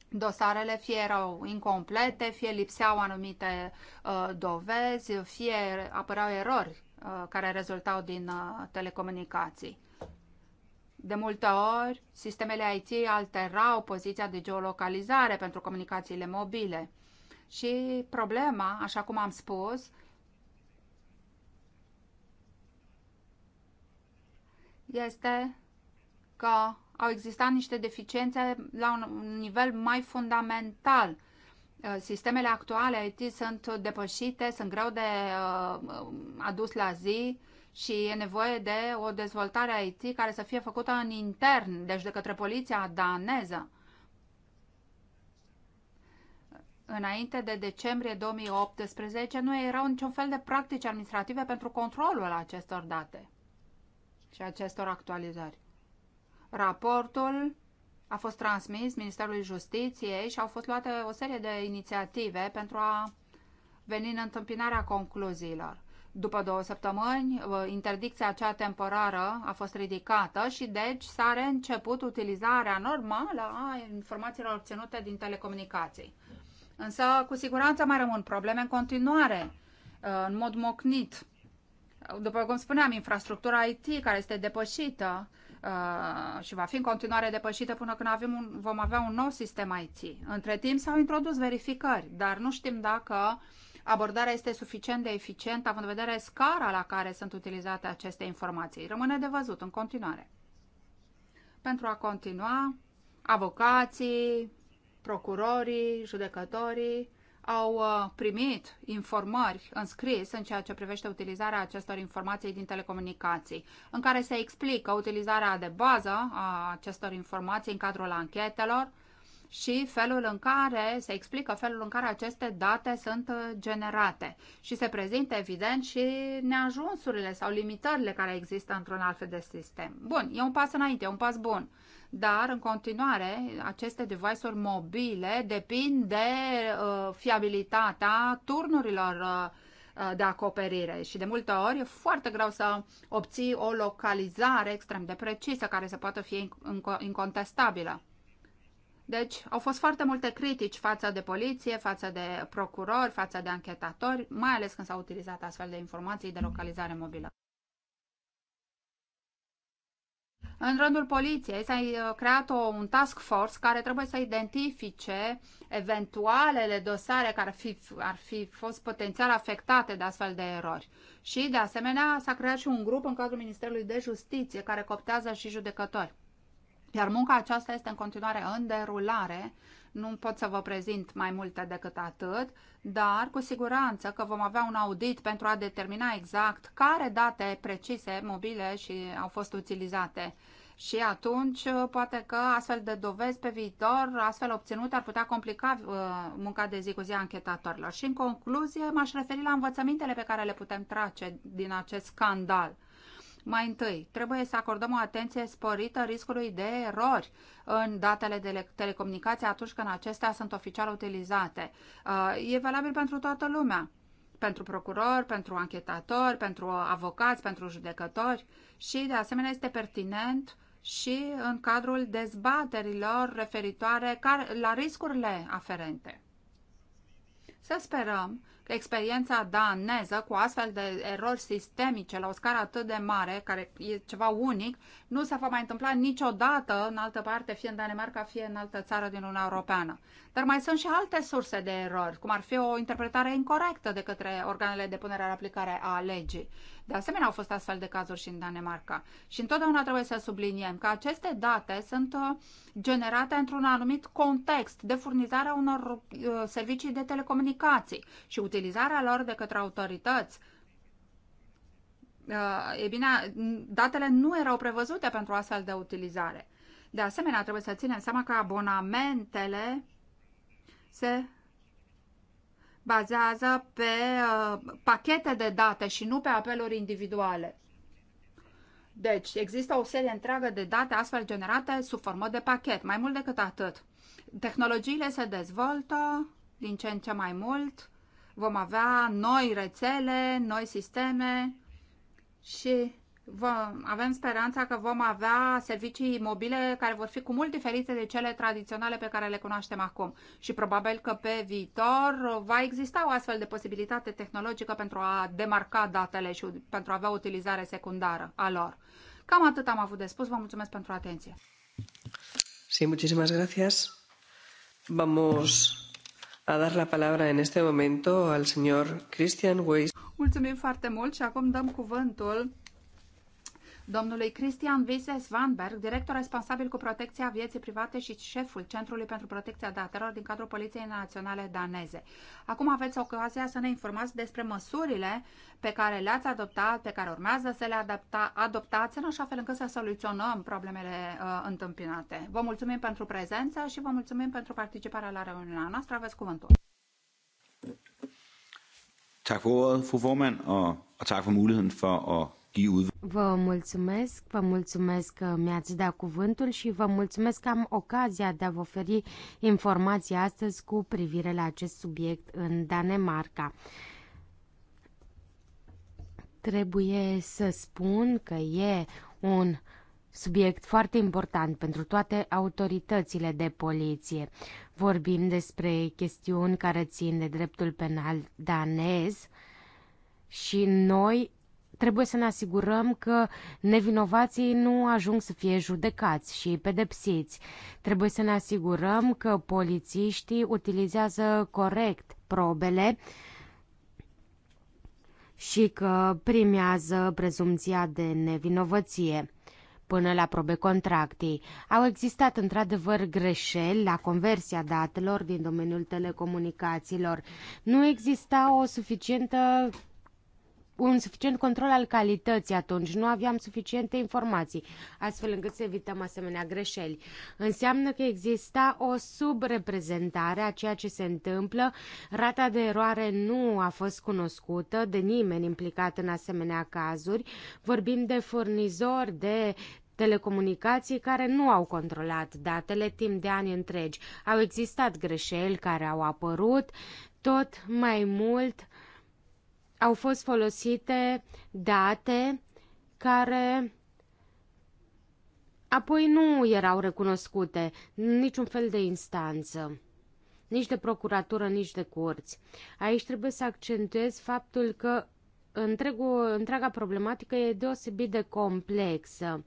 dosarele fie erau incomplete, fie lipseau anumite uh, dovezi, fie apăreau erori uh, care rezultau din uh, telecomunicații. De multe ori, sistemele IT alterau poziția de geolocalizare pentru comunicațiile mobile. Și problema, așa cum am spus, este că au existat niște deficiențe la un nivel mai fundamental. Uh, sistemele actuale IT sunt depășite, sunt greu de uh, adus la zi și e nevoie de o dezvoltare a IT care să fie făcută în intern, deci de către poliția daneză. Înainte de decembrie 2018 nu erau niciun fel de practici administrative pentru controlul acestor date și acestor actualizări. Raportul a fost transmis Ministerului Justiției și au fost luate o serie de inițiative pentru a veni în întâmpinarea concluziilor. După două săptămâni, uh, interdicția acea temporară a fost ridicată și deci s-a reînceput utilizarea normală a informațiilor obținute din telecomunicații. Însă, cu siguranță mai rămân probleme în continuare, uh, în mod mocnit. După cum spuneam, infrastructura IT care este depășită, uh, și va fi în continuare depășită până când avem un, vom avea un nou sistem IT. Între timp s-au introdus verificări, dar nu știm dacă abordarea este suficient de eficientă având în vedere scara la care sunt utilizate aceste informații. Rămâne de văzut în continuare. Pentru a continua, avocații, procurorii, judecătorii, au uh, primit informări în scris în ceea ce privește utilizarea acestor informații din telecomunicații, în care se explică utilizarea de bază a acestor informații în cadrul anchetelor și felul în care se explică felul în care aceste date sunt uh, generate și se prezintă evident și neajunsurile sau limitările care există într-un alt fel de sistem. Bun, e un pas înainte, e un pas bun dar în continuare aceste device-uri mobile depind de uh, fiabilitatea turnurilor uh, uh, de acoperire și de multe ori e foarte greu să obții o localizare extrem de precisă care să poată fi incontestabilă. Deci au fost foarte multe critici față de poliție, față de procurori, față de anchetatori, mai ales când s-au utilizat astfel de informații de localizare mobilă. În rândul poliției s-a uh, creat o, un task force care trebuie să identifice eventualele dosare care ar fi, ar fi fost potențial afectate de astfel de erori. Și, de asemenea, s-a creat și un grup în cadrul Ministerului de Justiție care coptează și judecători. Iar munca aceasta este în continuare în derulare nu pot să vă prezint mai multe decât atât, dar cu siguranță că vom avea un audit pentru a determina exact care date precise mobile și au fost utilizate. Și atunci, poate că astfel de dovezi pe viitor, astfel obținute, ar putea complica uh, munca de zi cu zi a închetatorilor. Și în concluzie, m-aș referi la învățămintele pe care le putem trage din acest scandal. Mai întâi, trebuie să acordăm o atenție sporită riscului de erori în datele de telecomunicații atunci când acestea sunt oficial utilizate. Uh, e valabil pentru toată lumea, pentru procurori, pentru anchetatori, pentru avocați, pentru judecători și, de asemenea, este pertinent și în cadrul dezbaterilor referitoare la riscurile aferente. Să sperăm experiența daneză cu astfel de erori sistemice la o scară atât de mare, care e ceva unic, nu se va mai întâmpla niciodată în altă parte, fie în Danemarca, fie în altă țară din Uniunea Europeană. Dar mai sunt și alte surse de erori, cum ar fi o interpretare incorrectă de către organele de punere în aplicare a legii de asemenea, au fost astfel de cazuri și în Danemarca. Și întotdeauna trebuie să subliniem că aceste date sunt uh, generate într-un anumit context de furnizare a unor uh, servicii de telecomunicații și utilizarea lor de către autorități uh, e bine, datele nu erau prevăzute pentru astfel de utilizare. De asemenea, trebuie să ținem seama că abonamentele se bazează pe uh, pachete de date și nu pe apeluri individuale. Deci, există o serie întreagă de date astfel generate sub formă de pachet, mai mult decât atât. Tehnologiile se dezvoltă din ce în ce mai mult, vom avea noi rețele, noi sisteme și vom, avem speranța că vom avea servicii mobile care vor fi cu mult diferite de cele tradiționale pe care le cunoaștem acum. Și probabil că pe viitor va exista o astfel de posibilitate tehnologică pentru a demarca datele și pentru a avea utilizare secundară a lor. Cam atât am avut de spus. Vă mulțumesc pentru atenție. Sí, muchísimas gracias. Vamos a dar la palabra en este momento al señor Christian Weiss. Mulțumim foarte mult și acum dăm cuvântul domnului Cristian Vises Vanberg, director responsabil cu protecția vieții private și șeful Centrului pentru Protecția Datelor din cadrul Poliției Naționale Daneze. Acum aveți ocazia să ne informați despre măsurile pe care le-ați adoptat, pe care urmează să le adapta, adoptați, în așa fel încât să soluționăm problemele uh, întâmpinate. Vă mulțumim pentru prezență și vă mulțumim pentru participarea la reuniunea noastră. Aveți cuvântul. Tak for ordet, fru formand, og, og tak for muligheden for at Vă mulțumesc, vă mulțumesc că mi-ați dat cuvântul și vă mulțumesc că am ocazia de a vă oferi informații astăzi cu privire la acest subiect în Danemarca. Trebuie să spun că e un subiect foarte important pentru toate autoritățile de poliție. Vorbim despre chestiuni care țin de dreptul penal danez și noi Trebuie să ne asigurăm că nevinovații nu ajung să fie judecați și pedepsiți. Trebuie să ne asigurăm că polițiștii utilizează corect probele și că primează prezumția de nevinovăție până la probe contractei. Au existat într-adevăr greșeli la conversia datelor din domeniul telecomunicațiilor. Nu exista o suficientă un suficient control al calității atunci, nu aveam suficiente informații, astfel încât să evităm asemenea greșeli. Înseamnă că exista o subreprezentare a ceea ce se întâmplă, rata de eroare nu a fost cunoscută de nimeni implicat în asemenea cazuri, vorbim de furnizori, de telecomunicații care nu au controlat datele timp de ani întregi. Au existat greșeli care au apărut, tot mai mult au fost folosite date care apoi nu erau recunoscute niciun fel de instanță nici de procuratură, nici de curți. Aici trebuie să accentuez faptul că întregul, întreaga problematică e deosebit de complexă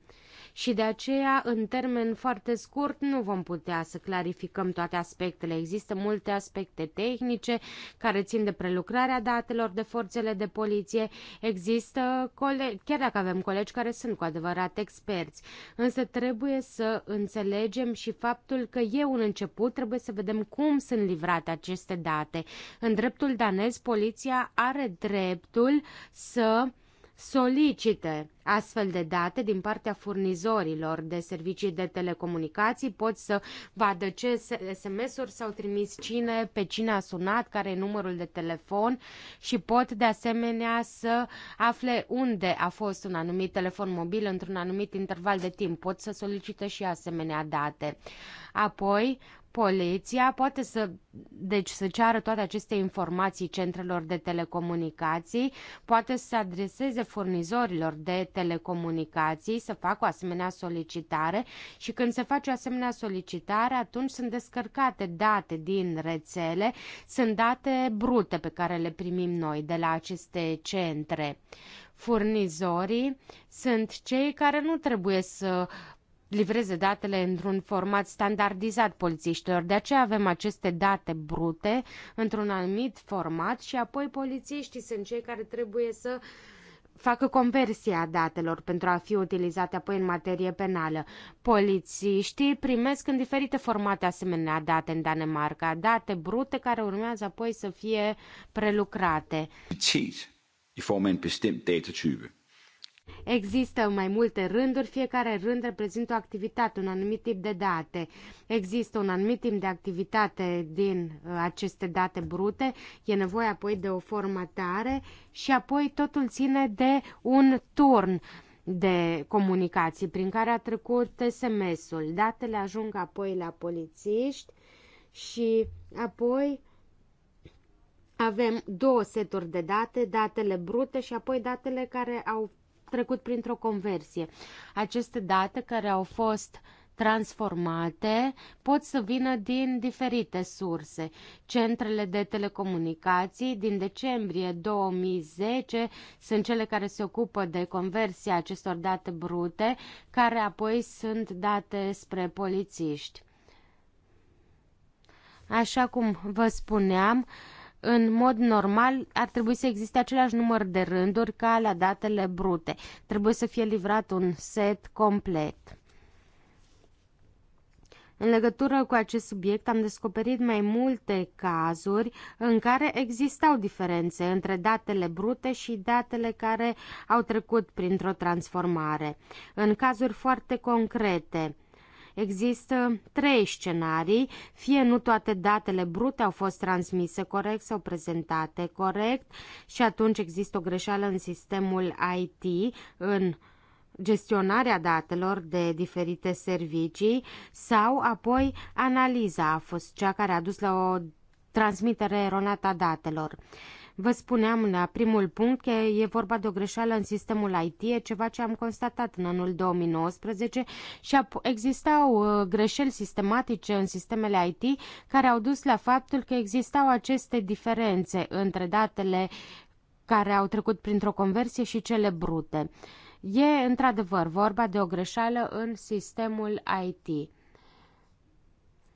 și de aceea, în termen foarte scurt, nu vom putea să clarificăm toate aspectele. Există multe aspecte tehnice care țin de prelucrarea datelor de forțele de poliție. Există, colegi, chiar dacă avem colegi care sunt cu adevărat experți, însă trebuie să înțelegem și faptul că e un început, trebuie să vedem cum sunt livrate aceste date. În dreptul danez, poliția are dreptul să solicite astfel de date din partea furnizorilor de servicii de telecomunicații, pot să vadă ce SMS-uri s-au trimis cine, pe cine a sunat, care e numărul de telefon și pot de asemenea să afle unde a fost un anumit telefon mobil într-un anumit interval de timp. Pot să solicite și asemenea date. Apoi, Poliția poate să, deci, să ceară toate aceste informații centrelor de telecomunicații, poate să adreseze furnizorilor de telecomunicații să facă o asemenea solicitare și când se face o asemenea solicitare, atunci sunt descărcate date din rețele, sunt date brute pe care le primim noi de la aceste centre furnizorii sunt cei care nu trebuie să livreze datele într-un format standardizat polițiștilor. De aceea avem aceste date brute într-un anumit format și apoi polițiștii sunt cei care trebuie să facă conversia datelor pentru a fi utilizate apoi în materie penală. Polițiștii primesc în diferite formate asemenea date în Danemarca, date brute care urmează apoi să fie prelucrate. Cheat i form en bestemt datatype. Există mai multe rânduri, fiecare rând reprezintă o activitate, un anumit tip de date. Există un anumit tip de activitate din uh, aceste date brute, e nevoie apoi de o formatare și apoi totul ține de un turn de comunicații prin care a trecut SMS-ul. Datele ajung apoi la polițiști și apoi avem două seturi de date, datele brute și apoi datele care au trecut printr-o conversie. Aceste date care au fost transformate pot să vină din diferite surse. Centrele de telecomunicații din decembrie 2010 sunt cele care se ocupă de conversia acestor date brute, care apoi sunt date spre polițiști. Așa cum vă spuneam, uh, în mod normal ar trebui să existe același număr de rânduri ca la datele brute. Trebuie să fie livrat un set complet. În legătură cu acest subiect am descoperit mai multe cazuri în care existau diferențe între datele brute și datele care au trecut printr-o transformare, în cazuri foarte concrete. Există trei scenarii, fie nu toate datele brute au fost transmise corect sau prezentate corect și atunci există o greșeală în sistemul IT, în gestionarea datelor de diferite servicii sau apoi analiza a fost cea care a dus la o transmitere eronată a datelor. Vă spuneam la primul punct că e vorba de o greșeală în sistemul IT, e ceva ce am constatat în anul 2019 și existau uh, greșeli sistematice în sistemele IT care au dus la faptul că existau aceste diferențe între datele care au trecut printr-o conversie și cele brute. E într-adevăr vorba de o greșeală în sistemul IT.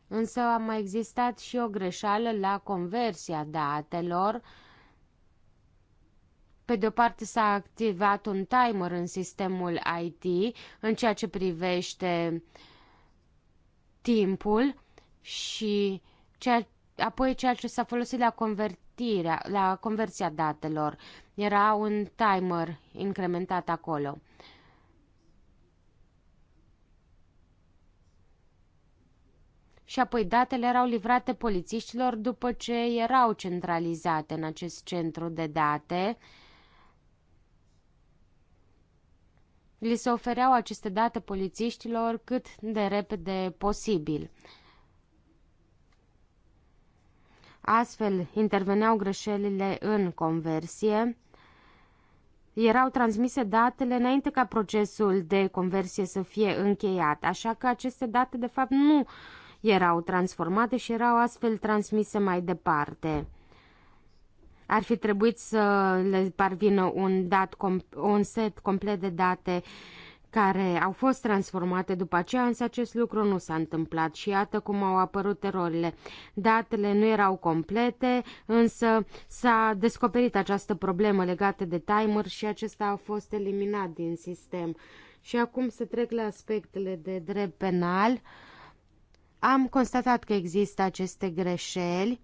Însă a mai existat și o greșeală la conversia datelor, pe de o parte s-a activat un timer în sistemul IT în ceea ce privește timpul și ceea, apoi ceea ce s-a folosit la convertirea, la conversia datelor. Era un timer incrementat acolo. și apoi datele erau livrate polițiștilor după ce erau centralizate în acest centru de date li se ofereau aceste date polițiștilor cât de repede posibil. Astfel interveneau greșelile în conversie, erau transmise datele înainte ca procesul de conversie să fie încheiat, așa că aceste date de fapt nu erau transformate și erau astfel transmise mai departe ar fi trebuit să le parvină un, dat, un set complet de date care au fost transformate după aceea, însă acest lucru nu s-a întâmplat și iată cum au apărut erorile. Datele nu erau complete, însă s-a descoperit această problemă legată de timer și acesta a fost eliminat din sistem. Și acum să trec la aspectele de drept penal. Am constatat că există aceste greșeli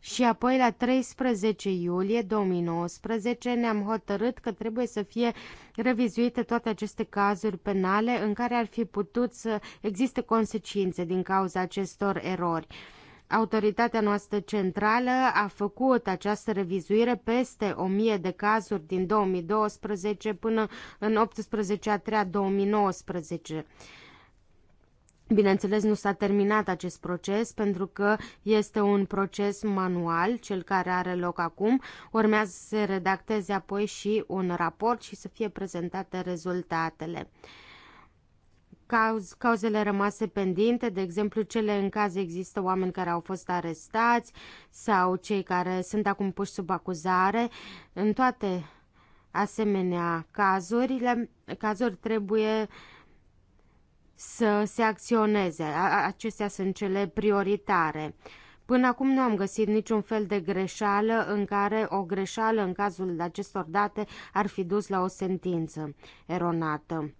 și apoi la 13 iulie 2019 ne-am hotărât că trebuie să fie revizuite toate aceste cazuri penale în care ar fi putut să existe consecințe din cauza acestor erori. Autoritatea noastră centrală a făcut această revizuire peste 1000 de cazuri din 2012 până în 18 a 3 2019. Bineînțeles, nu s-a terminat acest proces pentru că este un proces manual, cel care are loc acum. Urmează să se redacteze apoi și un raport și să fie prezentate rezultatele cauz, cauzele rămase pendinte, de exemplu cele în caz există oameni care au fost arestați sau cei care sunt acum puși sub acuzare. În toate asemenea cazurile, cazuri trebuie uh, să se acționeze. Acestea sunt cele prioritare. Până acum nu am găsit niciun fel de greșeală în care o greșeală în cazul acestor date ar fi dus la o sentință eronată.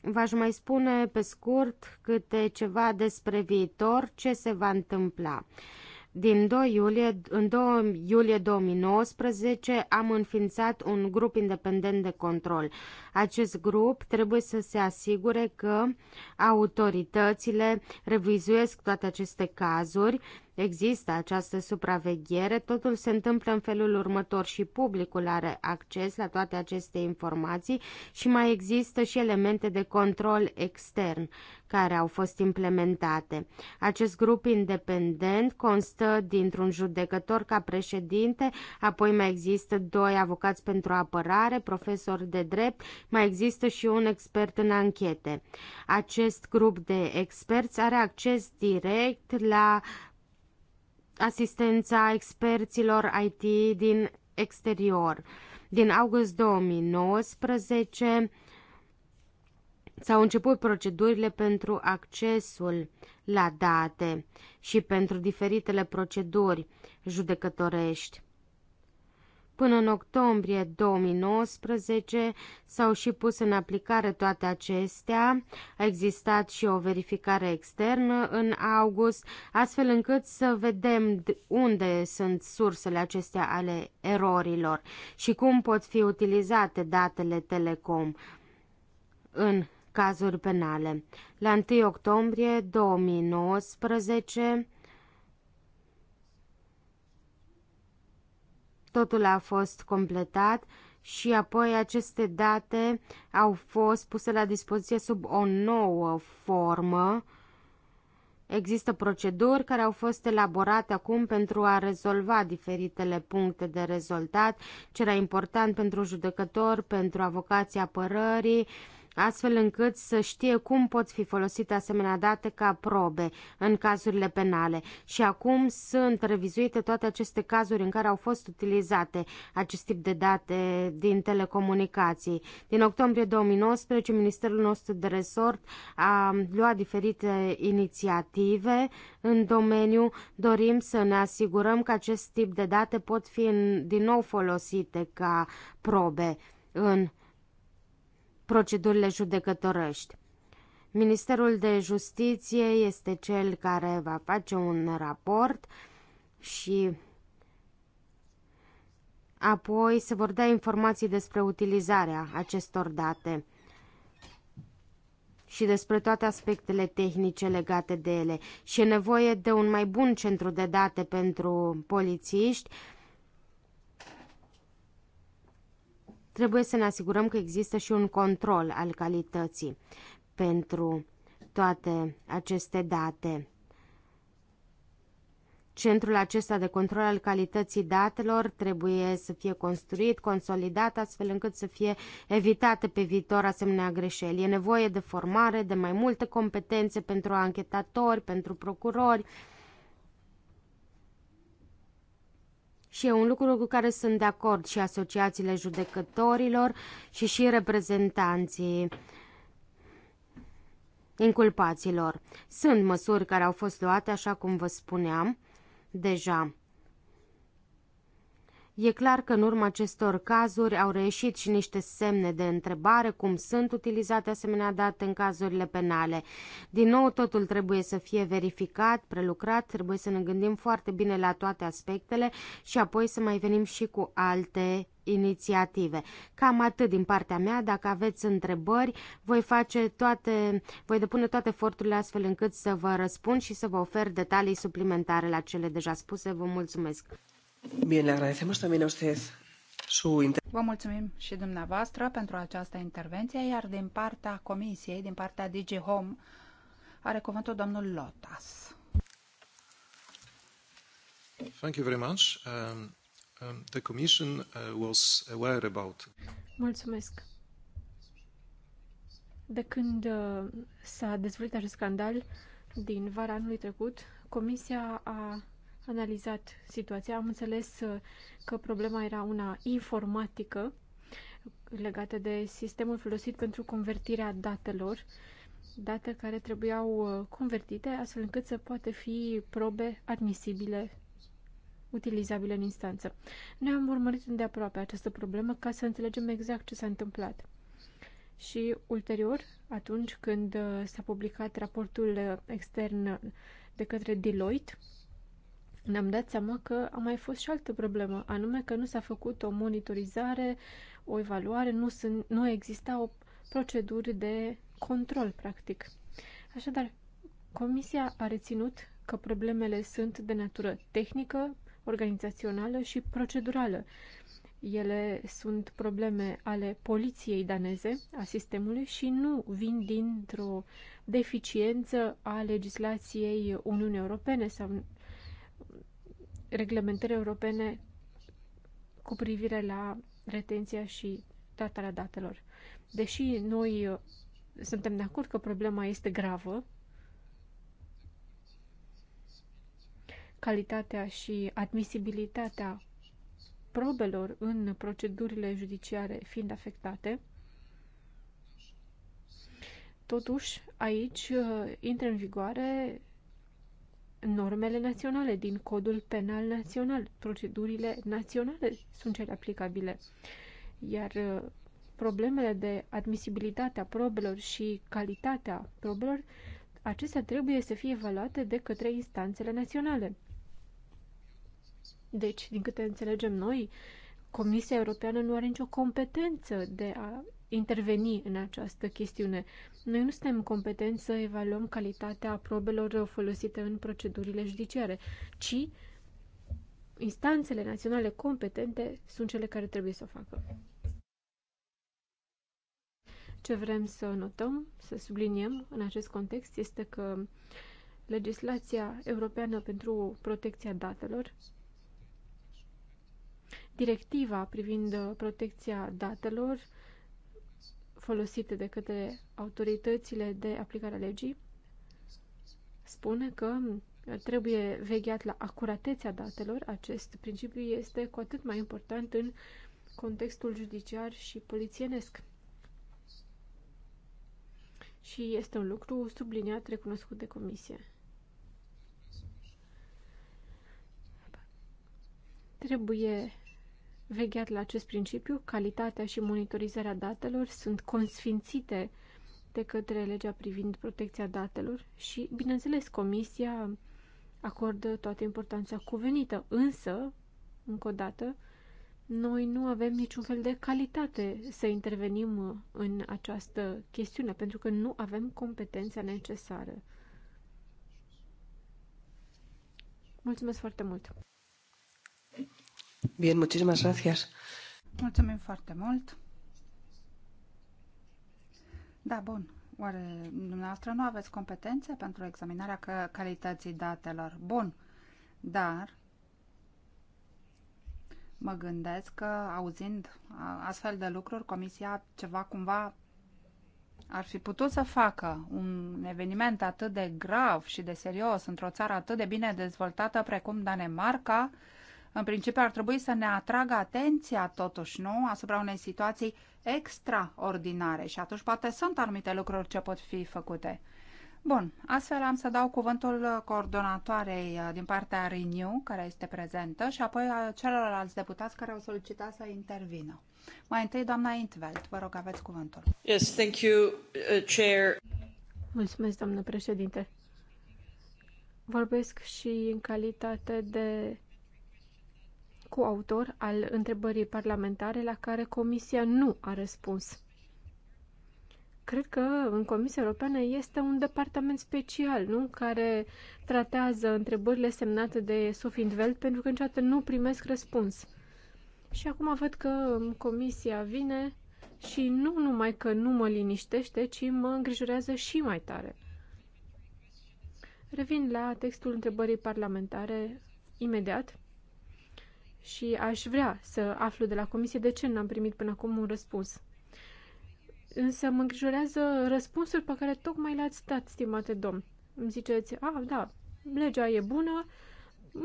V-aș mai spune pe scurt câte ceva despre viitor, ce se va întâmpla. Din 2 iulie, în 2 iulie 2019 am înființat un grup independent de control. Acest grup trebuie să se asigure că autoritățile revizuiesc toate aceste cazuri, există această supraveghere, totul se întâmplă în felul următor și publicul are acces la toate aceste informații și mai există și elemente de control extern care au fost implementate. Acest grup independent constă dintr-un judecător ca președinte, apoi mai există doi avocați pentru apărare, profesori de drept, mai există și un expert în anchete. Acest grup de experți are acces direct la uh, asistența experților IT din exterior. Din august 2019 s-au început procedurile pentru accesul la date și pentru diferitele proceduri judecătorești. Până în octombrie 2019 s-au și pus în aplicare toate acestea. A existat și o verificare externă în august, astfel încât să vedem unde sunt sursele acestea ale erorilor și cum pot fi utilizate datele Telecom în cazuri penale. La 1 octombrie 2019 totul a fost completat și apoi aceste date au fost puse la dispoziție sub o nouă formă. Există proceduri care au fost elaborate acum pentru a rezolva diferitele puncte de rezultat, ce era important pentru judecător, pentru avocații apărării, uh, astfel încât să știe cum pot fi folosite asemenea date ca probe în cazurile penale. Și acum sunt revizuite toate aceste cazuri în care au fost utilizate acest tip de date din telecomunicații. Din octombrie 2019, Ministerul nostru de resort a luat diferite inițiative în domeniu. Dorim să ne asigurăm că acest tip de date pot fi din nou folosite ca probe în procedurile judecătorești. Ministerul de Justiție este cel care va face un raport și apoi se vor da informații despre utilizarea acestor date și despre toate aspectele tehnice legate de ele. Și e nevoie de un mai bun centru de date pentru polițiști, Trebuie să ne asigurăm că există și un control al calității pentru toate aceste date. Centrul acesta de control al calității datelor trebuie să fie construit, consolidat, astfel încât să fie evitate pe viitor asemenea greșeli. E nevoie de formare, de mai multe competențe pentru anchetatori, pentru procurori, Și e un lucru cu care sunt de acord și asociațiile judecătorilor și și reprezentanții inculpaților. Sunt măsuri care au fost luate, așa cum vă spuneam, deja. E clar că în urma acestor cazuri au reieșit și niște semne de întrebare cum sunt utilizate asemenea date în cazurile penale. Din nou, totul trebuie să fie verificat, prelucrat, trebuie să ne gândim foarte bine la toate aspectele și apoi să mai venim și cu alte inițiative. Cam atât din partea mea. Dacă aveți întrebări, voi face toate, voi depune toate eforturile astfel încât să vă răspund și să vă ofer detalii suplimentare la cele deja spuse. Vă mulțumesc! Vă mulțumim și dumneavoastră pentru această intervenție, iar din partea Comisiei, din partea DG Home, are cuvântul domnul Lotas. Thank you very much. Um, um, the Commission uh, was aware about. Mulțumesc. De când uh, s-a dezvoltat acest scandal din vara anului trecut, Comisia a analizat situația. Am înțeles uh, că problema era una informatică legată de sistemul folosit pentru convertirea datelor, date care trebuiau uh, convertite astfel încât să poată fi probe admisibile utilizabile în instanță. Noi am urmărit îndeaproape această problemă ca să înțelegem exact ce s-a întâmplat. Și ulterior, atunci când uh, s-a publicat raportul extern de către Deloitte, ne-am dat seama că a mai fost și altă problemă, anume că nu s-a făcut o monitorizare, o evaluare, nu, sunt, nu exista o proceduri de control, practic. Așadar, Comisia a reținut că problemele sunt de natură tehnică, organizațională și procedurală. Ele sunt probleme ale poliției daneze, a sistemului și nu vin dintr-o deficiență a legislației Uniunii Europene sau reglementări europene cu privire la retenția și tratarea datelor. Deși noi uh, suntem de acord că problema este gravă, calitatea și admisibilitatea probelor în procedurile judiciare fiind afectate, totuși aici uh, intră în vigoare normele naționale din codul penal național. Procedurile naționale sunt cele aplicabile. Iar uh, problemele de admisibilitate a probelor și calitatea probelor, acestea trebuie să fie evaluate de către instanțele naționale. Deci, din câte înțelegem noi, Comisia Europeană nu are nicio competență de a interveni în această chestiune. Noi nu suntem competenți să evaluăm calitatea probelor folosite în procedurile judiciare, ci instanțele naționale competente sunt cele care trebuie să o facă. Ce vrem să notăm, să subliniem în acest context este că legislația europeană pentru protecția datelor, directiva privind protecția datelor, folosite de către autoritățile de aplicare a legii spune că trebuie vegheat la acuratețea datelor. Acest principiu este cu atât mai important în contextul judiciar și polițienesc. Și este un lucru subliniat, recunoscut de comisie. Trebuie vegheat la acest principiu, calitatea și monitorizarea datelor sunt consfințite de către legea privind protecția datelor și, bineînțeles, Comisia acordă toată importanța cuvenită, însă, încă o dată, noi nu avem niciun fel de calitate să intervenim în această chestiune, pentru că nu avem competența necesară. Mulțumesc foarte mult! Bien, muchísimas gracias. Mulțumim foarte mult. Da, bun. Oare dumneavoastră nu aveți competențe pentru examinarea calității datelor? Bun. Dar mă gândesc că auzind astfel de lucruri, comisia ceva cumva ar fi putut să facă un eveniment atât de grav și de serios într-o țară atât de bine dezvoltată precum Danemarca, în principiu ar trebui să ne atragă atenția totuși, nu? Asupra unei situații extraordinare și atunci poate sunt anumite lucruri ce pot fi făcute. Bun, astfel am să dau cuvântul coordonatoarei uh, din partea Renew, care este prezentă, și apoi a uh, celorlalți deputați care au solicitat să intervină. Mai întâi, doamna Intveld, vă rog, aveți cuvântul. Yes, thank you, uh, Chair. Mulțumesc, doamnă președinte. Vorbesc și în calitate de coautor al întrebării parlamentare la care Comisia nu a răspuns. Cred că în Comisia Europeană este un departament special, nu? Care tratează întrebările semnate de Sofindveld pentru că niciodată nu primesc răspuns. Și acum văd că Comisia vine și nu numai că nu mă liniștește, ci mă îngrijorează și mai tare. Revin la textul întrebării parlamentare imediat și aș vrea să aflu de la comisie de ce n-am primit până acum un răspuns. Însă mă îngrijorează răspunsul pe care tocmai l-ați dat, stimate domn. Îmi ziceți, a, ah, da, legea e bună,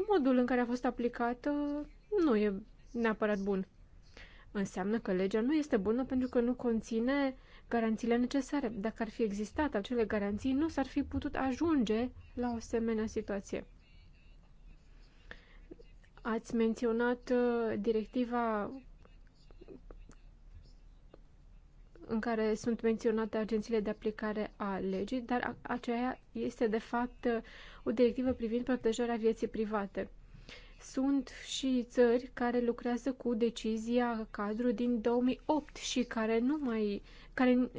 modul în care a fost aplicată nu e neapărat bun. Înseamnă că legea nu este bună pentru că nu conține garanțiile necesare. Dacă ar fi existat acele garanții, nu s-ar fi putut ajunge la o asemenea situație. Ați menționat uh, directiva în care sunt menționate agențiile de aplicare a legii, dar aceea este de fapt uh, o directivă privind protejarea vieții private. Sunt și țări care lucrează cu decizia cadru din 2008 și care nu mai care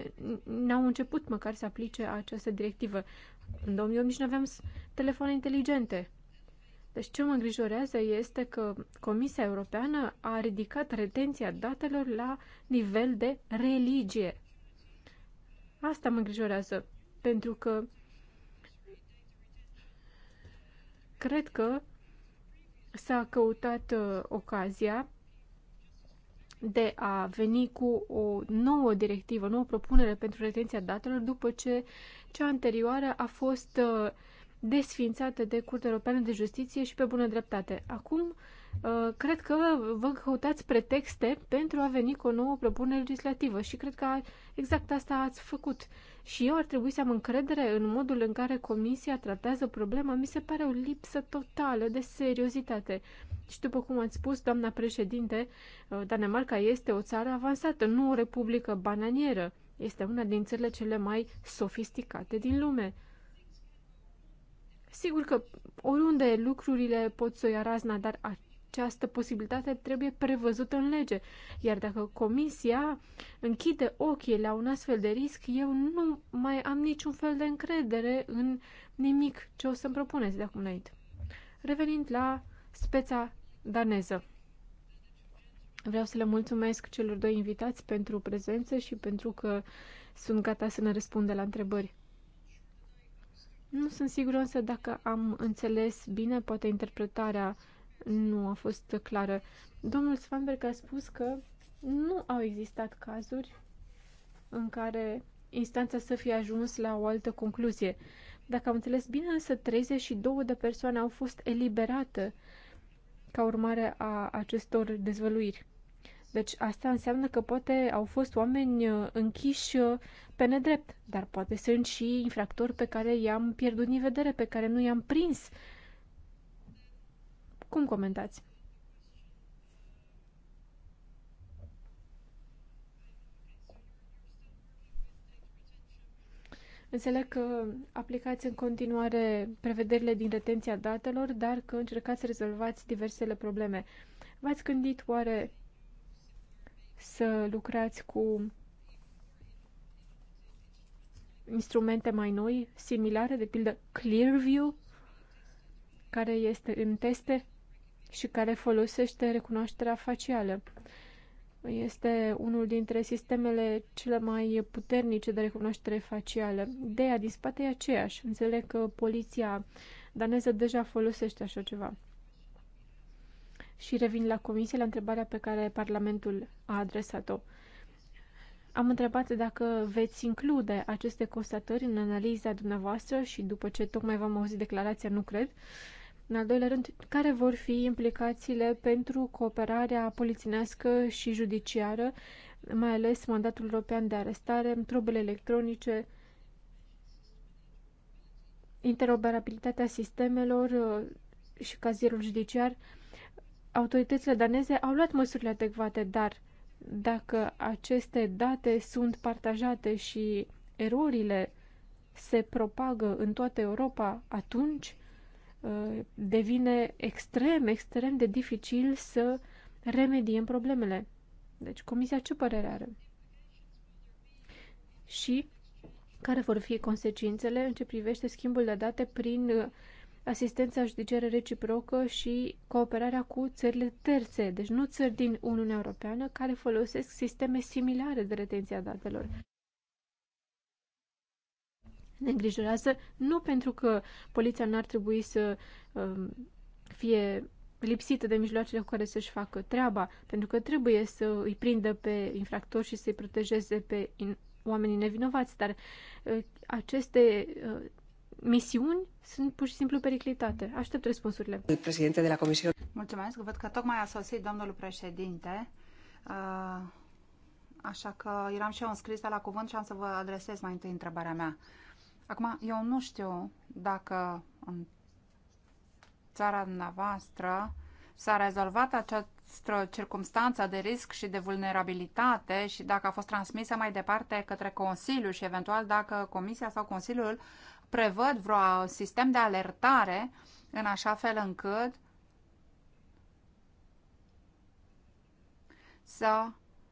n-au început măcar să aplice această directivă. În 2008 nici nu aveam telefoane inteligente. Deci ce mă îngrijorează este că Comisia Europeană a ridicat retenția datelor la nivel de religie. Asta mă îngrijorează, pentru că cred că s-a căutat uh, ocazia de a veni cu o nouă directivă, o nouă propunere pentru retenția datelor după ce cea anterioară a fost uh, desfințată de Curtea Europeană de Justiție și pe bună dreptate. Acum, uh, cred că vă căutați pretexte pentru a veni cu o nouă propunere legislativă și cred că exact asta ați făcut. Și eu ar trebui să am încredere în modul în care Comisia tratează problema. Mi se pare o lipsă totală de seriozitate. Și după cum ați spus, doamna președinte, uh, Danemarca este o țară avansată, nu o republică bananieră. Este una din țările cele mai sofisticate din lume. Sigur că oriunde lucrurile pot să o ia razna, dar această posibilitate trebuie prevăzută în lege. Iar dacă comisia închide ochii la un astfel de risc, eu nu mai am niciun fel de încredere în nimic ce o să-mi propuneți de acum înainte. Revenind la speța daneză. Vreau să le mulțumesc celor doi invitați pentru prezență și pentru că sunt gata să ne răspundă la întrebări. Nu sunt sigură însă dacă am înțeles bine, poate interpretarea nu a fost clară. Domnul Svanberg a spus că nu au existat cazuri în care instanța să fie ajuns la o altă concluzie. Dacă am înțeles bine, însă 32 de persoane au fost eliberate ca urmare a acestor dezvăluiri. Deci asta înseamnă că poate au fost oameni uh, închiși uh, pe nedrept, dar poate sunt și infractori pe care i-am pierdut din vedere, pe care nu i-am prins. Cum comentați? Înțeleg că aplicați în continuare prevederile din retenția datelor, dar că încercați să rezolvați diversele probleme. V-ați gândit oare să lucrați cu instrumente mai noi, similare, de pildă Clearview, care este în teste și care folosește recunoașterea facială. Este unul dintre sistemele cele mai puternice de recunoaștere facială. Ideea din spate e aceeași. Înțeleg că poliția daneză deja folosește așa ceva și revin la comisie la întrebarea pe care Parlamentul a adresat-o. Am întrebat dacă veți include aceste constatări în analiza dumneavoastră și după ce tocmai v-am auzit declarația, nu cred. În al doilea rând, care vor fi implicațiile pentru cooperarea polițienească și judiciară, mai ales mandatul european de arestare, trubele electronice, interoperabilitatea sistemelor uh, și cazierul judiciar? autoritățile daneze au luat măsurile adecvate, dar dacă aceste date sunt partajate și erorile se propagă în toată Europa, atunci uh, devine extrem, extrem de dificil să remediem problemele. Deci, Comisia ce părere are? Și care vor fi consecințele în ce privește schimbul de date prin uh, asistența judiciară reciprocă și cooperarea cu țările terțe, deci nu țări din Uniunea Europeană care folosesc sisteme similare de retenție a datelor. Ne îngrijorează nu pentru că poliția n-ar trebui să um, fie lipsită de mijloacele cu care să-și facă treaba, pentru că trebuie să îi prindă pe infractori și să-i protejeze pe oamenii nevinovați, dar uh, aceste uh, misiuni sunt pur și simplu periclitate. Aștept răspunsurile. Președinte de la Comisie. Mulțumesc. Văd că tocmai a sosit domnul președinte. Uh, așa că eram și eu înscris la cuvânt și am să vă adresez mai întâi întrebarea mea. Acum, eu nu știu dacă în țara dumneavoastră s-a rezolvat această circunstanță de risc și de vulnerabilitate și dacă a fost transmisă mai departe către Consiliu și eventual dacă Comisia sau Consiliul prevăd vreo sistem de alertare în așa fel încât să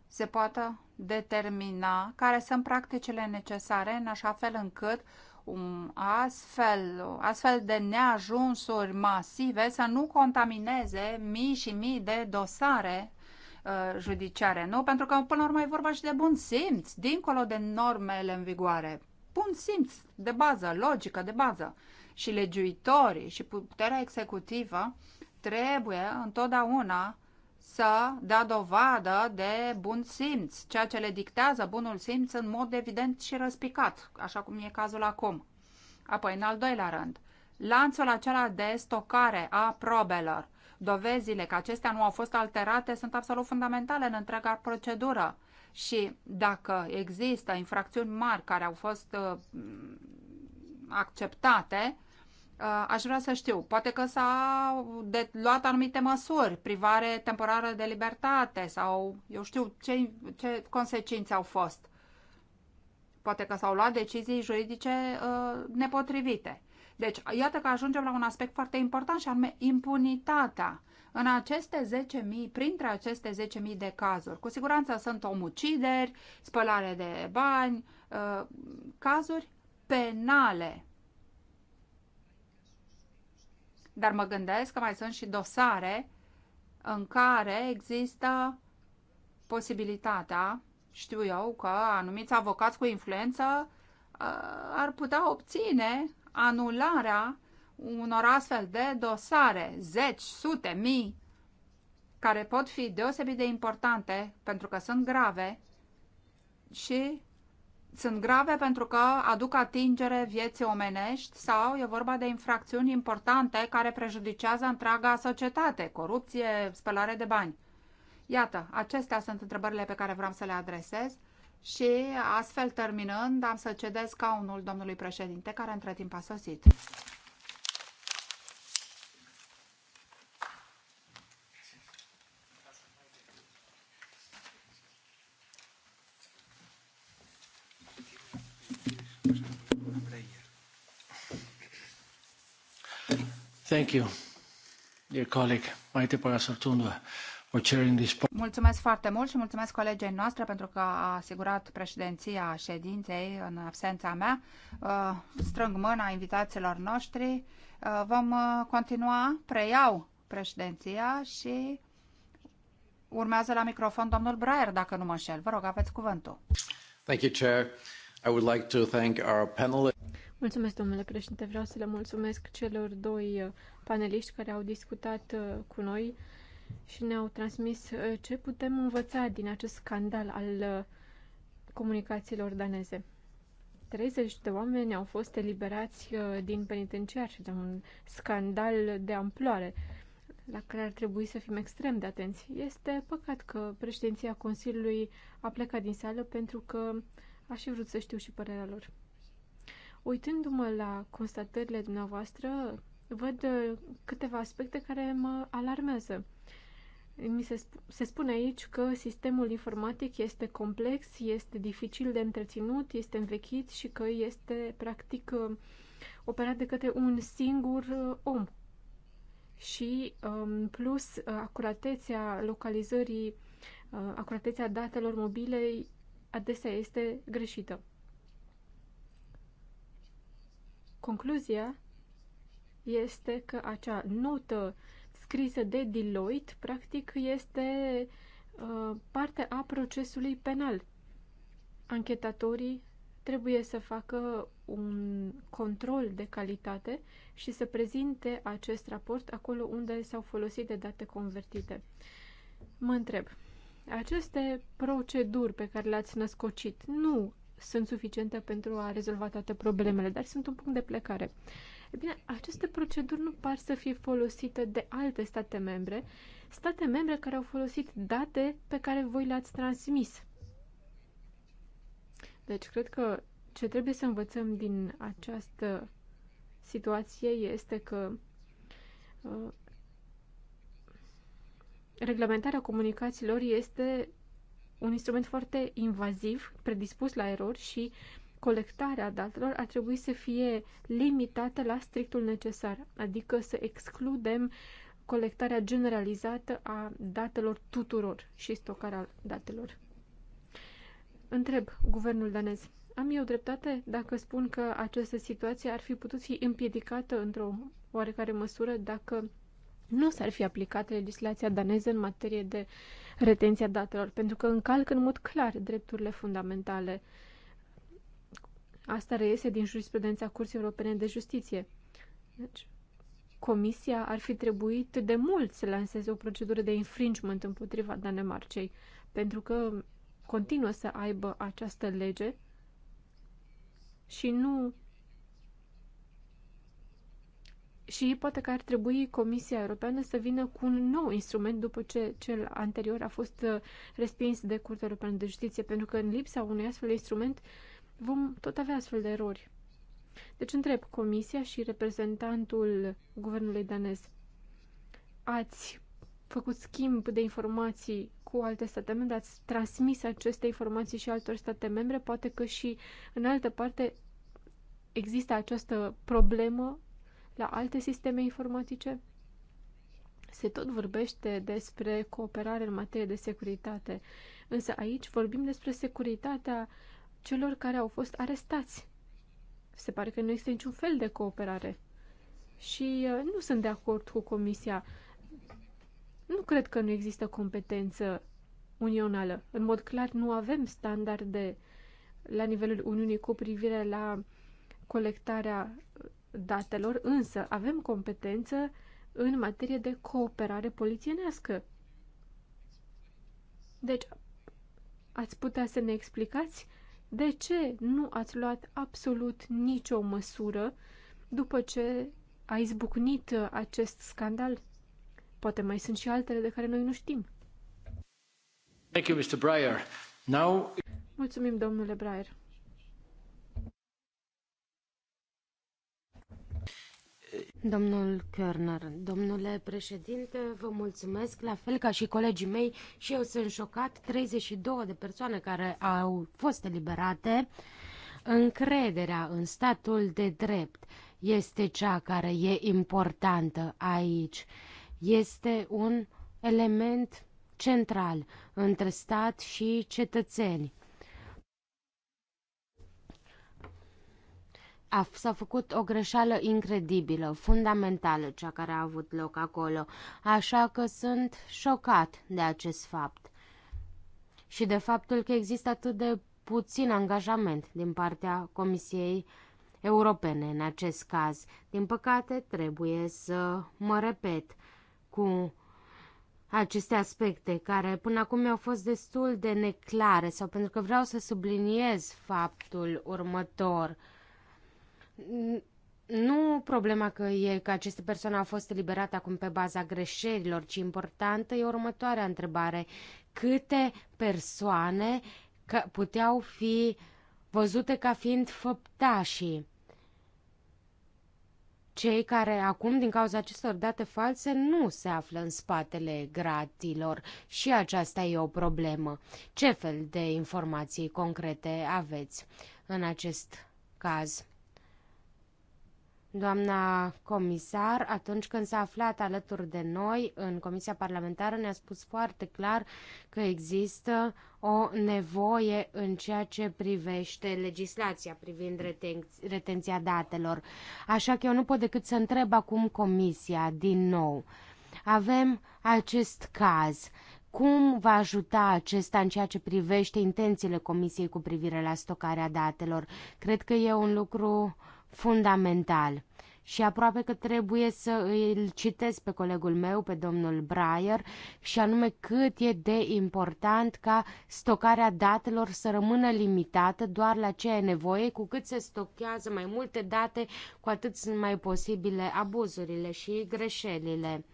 se poată determina care sunt practicile necesare în așa fel încât un astfel, astfel de neajunsuri masive să nu contamineze mii și mii de dosare uh, judiciare, nu? Pentru că, până la urmă, e vorba și de bun simț, dincolo de normele în vigoare bun simț de bază, logică de bază. Și legiuitorii și puterea executivă trebuie întotdeauna să dea dovadă de bun simț, ceea ce le dictează bunul simț în mod evident și răspicat, așa cum e cazul acum. Apoi, în al doilea rând, lanțul acela de stocare a probelor. Dovezile că acestea nu au fost alterate sunt absolut fundamentale în întreaga procedură și dacă există infracțiuni mari care au fost uh, acceptate, uh, aș vrea să știu, poate că s-au luat anumite măsuri, privare temporară de libertate sau eu știu ce, ce consecințe au fost. Poate că s-au luat decizii juridice uh, nepotrivite. Deci, iată că ajungem la un aspect foarte important și anume impunitatea. În aceste 10.000, printre aceste 10.000 de cazuri, cu siguranță sunt omucideri, spălare de bani, uh, cazuri penale. Dar mă gândesc că mai sunt și dosare în care există posibilitatea, știu eu, că anumiți avocați cu influență uh, ar putea obține anularea unor astfel de dosare, zeci, sute, mii, care pot fi deosebit de importante pentru că sunt grave și sunt grave pentru că aduc atingere vieții omenești sau e vorba de infracțiuni importante care prejudicează întreaga societate, corupție, spălare de bani. Iată, acestea sunt întrebările pe care vreau să le adresez și astfel terminând am să cedez ca unul domnului președinte care între timp a sosit. Thank you, dear colleague, Maite Parasortundua. Mulțumesc foarte mult și mulțumesc colegei noastre pentru că a asigurat președinția ședinței în absența mea. Uh, strâng mâna invitațiilor noștri. Uh, vom uh, continua, preiau președinția și urmează la microfon domnul Braer, dacă nu mă șel. Vă rog, aveți cuvântul. Thank you, Chair. I would like to thank our panelists. Mulțumesc, domnule președinte. Vreau să le mulțumesc celor doi uh, paneliști care au discutat uh, cu noi și ne-au transmis uh, ce putem învăța din acest scandal al comunicațiilor daneze. 30 de oameni au fost eliberați din penitenciar și de un scandal de amploare la care ar trebui să fim extrem de atenți. Este păcat că președinția Consiliului a plecat din sală pentru că aș fi vrut să știu și părerea lor. Uitându-mă la constatările dumneavoastră, văd uh, câteva aspecte care mă alarmează. Mi se, sp- se spune aici că sistemul informatic este complex, este dificil de întreținut, este învechit și că este practic uh, operat de către un singur uh, om. Și în um, plus, acuratețea localizării, acuratețea datelor mobile adesea este greșită. Concluzia este că acea notă scrisă de Deloitte, practic, este uh, parte a procesului penal. Anchetatorii trebuie să facă un control de calitate și să prezinte acest raport acolo unde s-au folosit de date convertite. Mă întreb, aceste proceduri pe care le-ați născocit nu sunt suficiente pentru a rezolva toate problemele, dar sunt un punct de plecare. E bine, aceste proceduri nu par să fie folosite de alte state membre, state membre care au folosit date pe care voi le-ați transmis. Deci, cred că ce trebuie să învățăm din această situație este că uh, reglementarea comunicațiilor este un instrument foarte invaziv, predispus la erori și colectarea datelor ar trebui să fie limitată la strictul necesar, adică să excludem colectarea generalizată a datelor tuturor și stocarea datelor. Întreb guvernul danez, am eu dreptate dacă spun că această situație ar fi putut fi împiedicată într-o oarecare măsură dacă nu s-ar fi aplicat legislația daneză în materie de retenția datelor, pentru că încalcă în mod clar drepturile fundamentale. Asta reiese din jurisprudența Curții Europene de Justiție. Deci, Comisia ar fi trebuit de mult să lanseze o procedură de infringement împotriva Danemarcei, pentru că continuă să aibă această lege și nu și poate că ar trebui Comisia Europeană să vină cu un nou instrument după ce cel anterior a fost uh, respins de Curtea Europeană de Justiție, pentru că în lipsa unui astfel de instrument vom tot avea astfel de erori. Deci întreb Comisia și reprezentantul guvernului danez. Ați făcut schimb de informații cu alte state membre, ați transmis aceste informații și altor state membre, poate că și în altă parte există această problemă la alte sisteme informatice? Se tot vorbește despre cooperare în materie de securitate, însă aici vorbim despre securitatea celor care au fost arestați. Se pare că nu există niciun fel de cooperare. Și uh, nu sunt de acord cu Comisia. Nu cred că nu există competență unională. În mod clar, nu avem standarde la nivelul Uniunii cu privire la colectarea datelor, însă avem competență în materie de cooperare polițienească. Deci, ați putea să ne explicați de ce nu ați luat absolut nicio măsură după ce a izbucnit acest scandal? Poate mai sunt și altele de care noi nu știm. Thank you, Mr. Breyer. Now... Mulțumim, domnule Breyer. Domnul Körner, domnule președinte, vă mulțumesc, la fel ca și colegii mei, și eu sunt șocat, 32 de persoane care au fost eliberate. Încrederea în statul de drept este cea care e importantă aici. Este un element central între stat și cetățeni. s-a făcut o greșeală incredibilă, fundamentală, cea care a avut loc acolo, așa că sunt șocat de acest fapt și de faptul că există atât de puțin angajament din partea Comisiei Europene în acest caz. Din păcate, trebuie să mă repet cu aceste aspecte care până acum mi-au fost destul de neclare sau pentru că vreau să subliniez faptul următor – nu problema că e că aceste persoane au fost eliberate acum pe baza greșelilor, ci importantă e următoarea întrebare. Câte persoane că puteau fi văzute ca fiind făptașii? Cei care acum, din cauza acestor date false, nu se află în spatele gratilor și aceasta e o problemă. Ce fel de informații concrete aveți în acest caz? Doamna comisar, atunci când s-a aflat alături de noi în Comisia Parlamentară, ne-a spus foarte clar că există o nevoie în ceea ce privește legislația privind reten retenția datelor. Așa că eu nu pot decât să întreb acum Comisia din nou. Avem acest caz. Cum va ajuta acesta în ceea ce privește intențiile Comisiei cu privire la stocarea datelor? Cred că e un lucru uh, fundamental și aproape că trebuie să îl citesc pe colegul meu, pe domnul Breyer, și anume cât e de important ca stocarea datelor să rămână limitată doar la ce e nevoie, cu cât se stochează mai multe date, cu atât sunt mai posibile abuzurile și greșelile.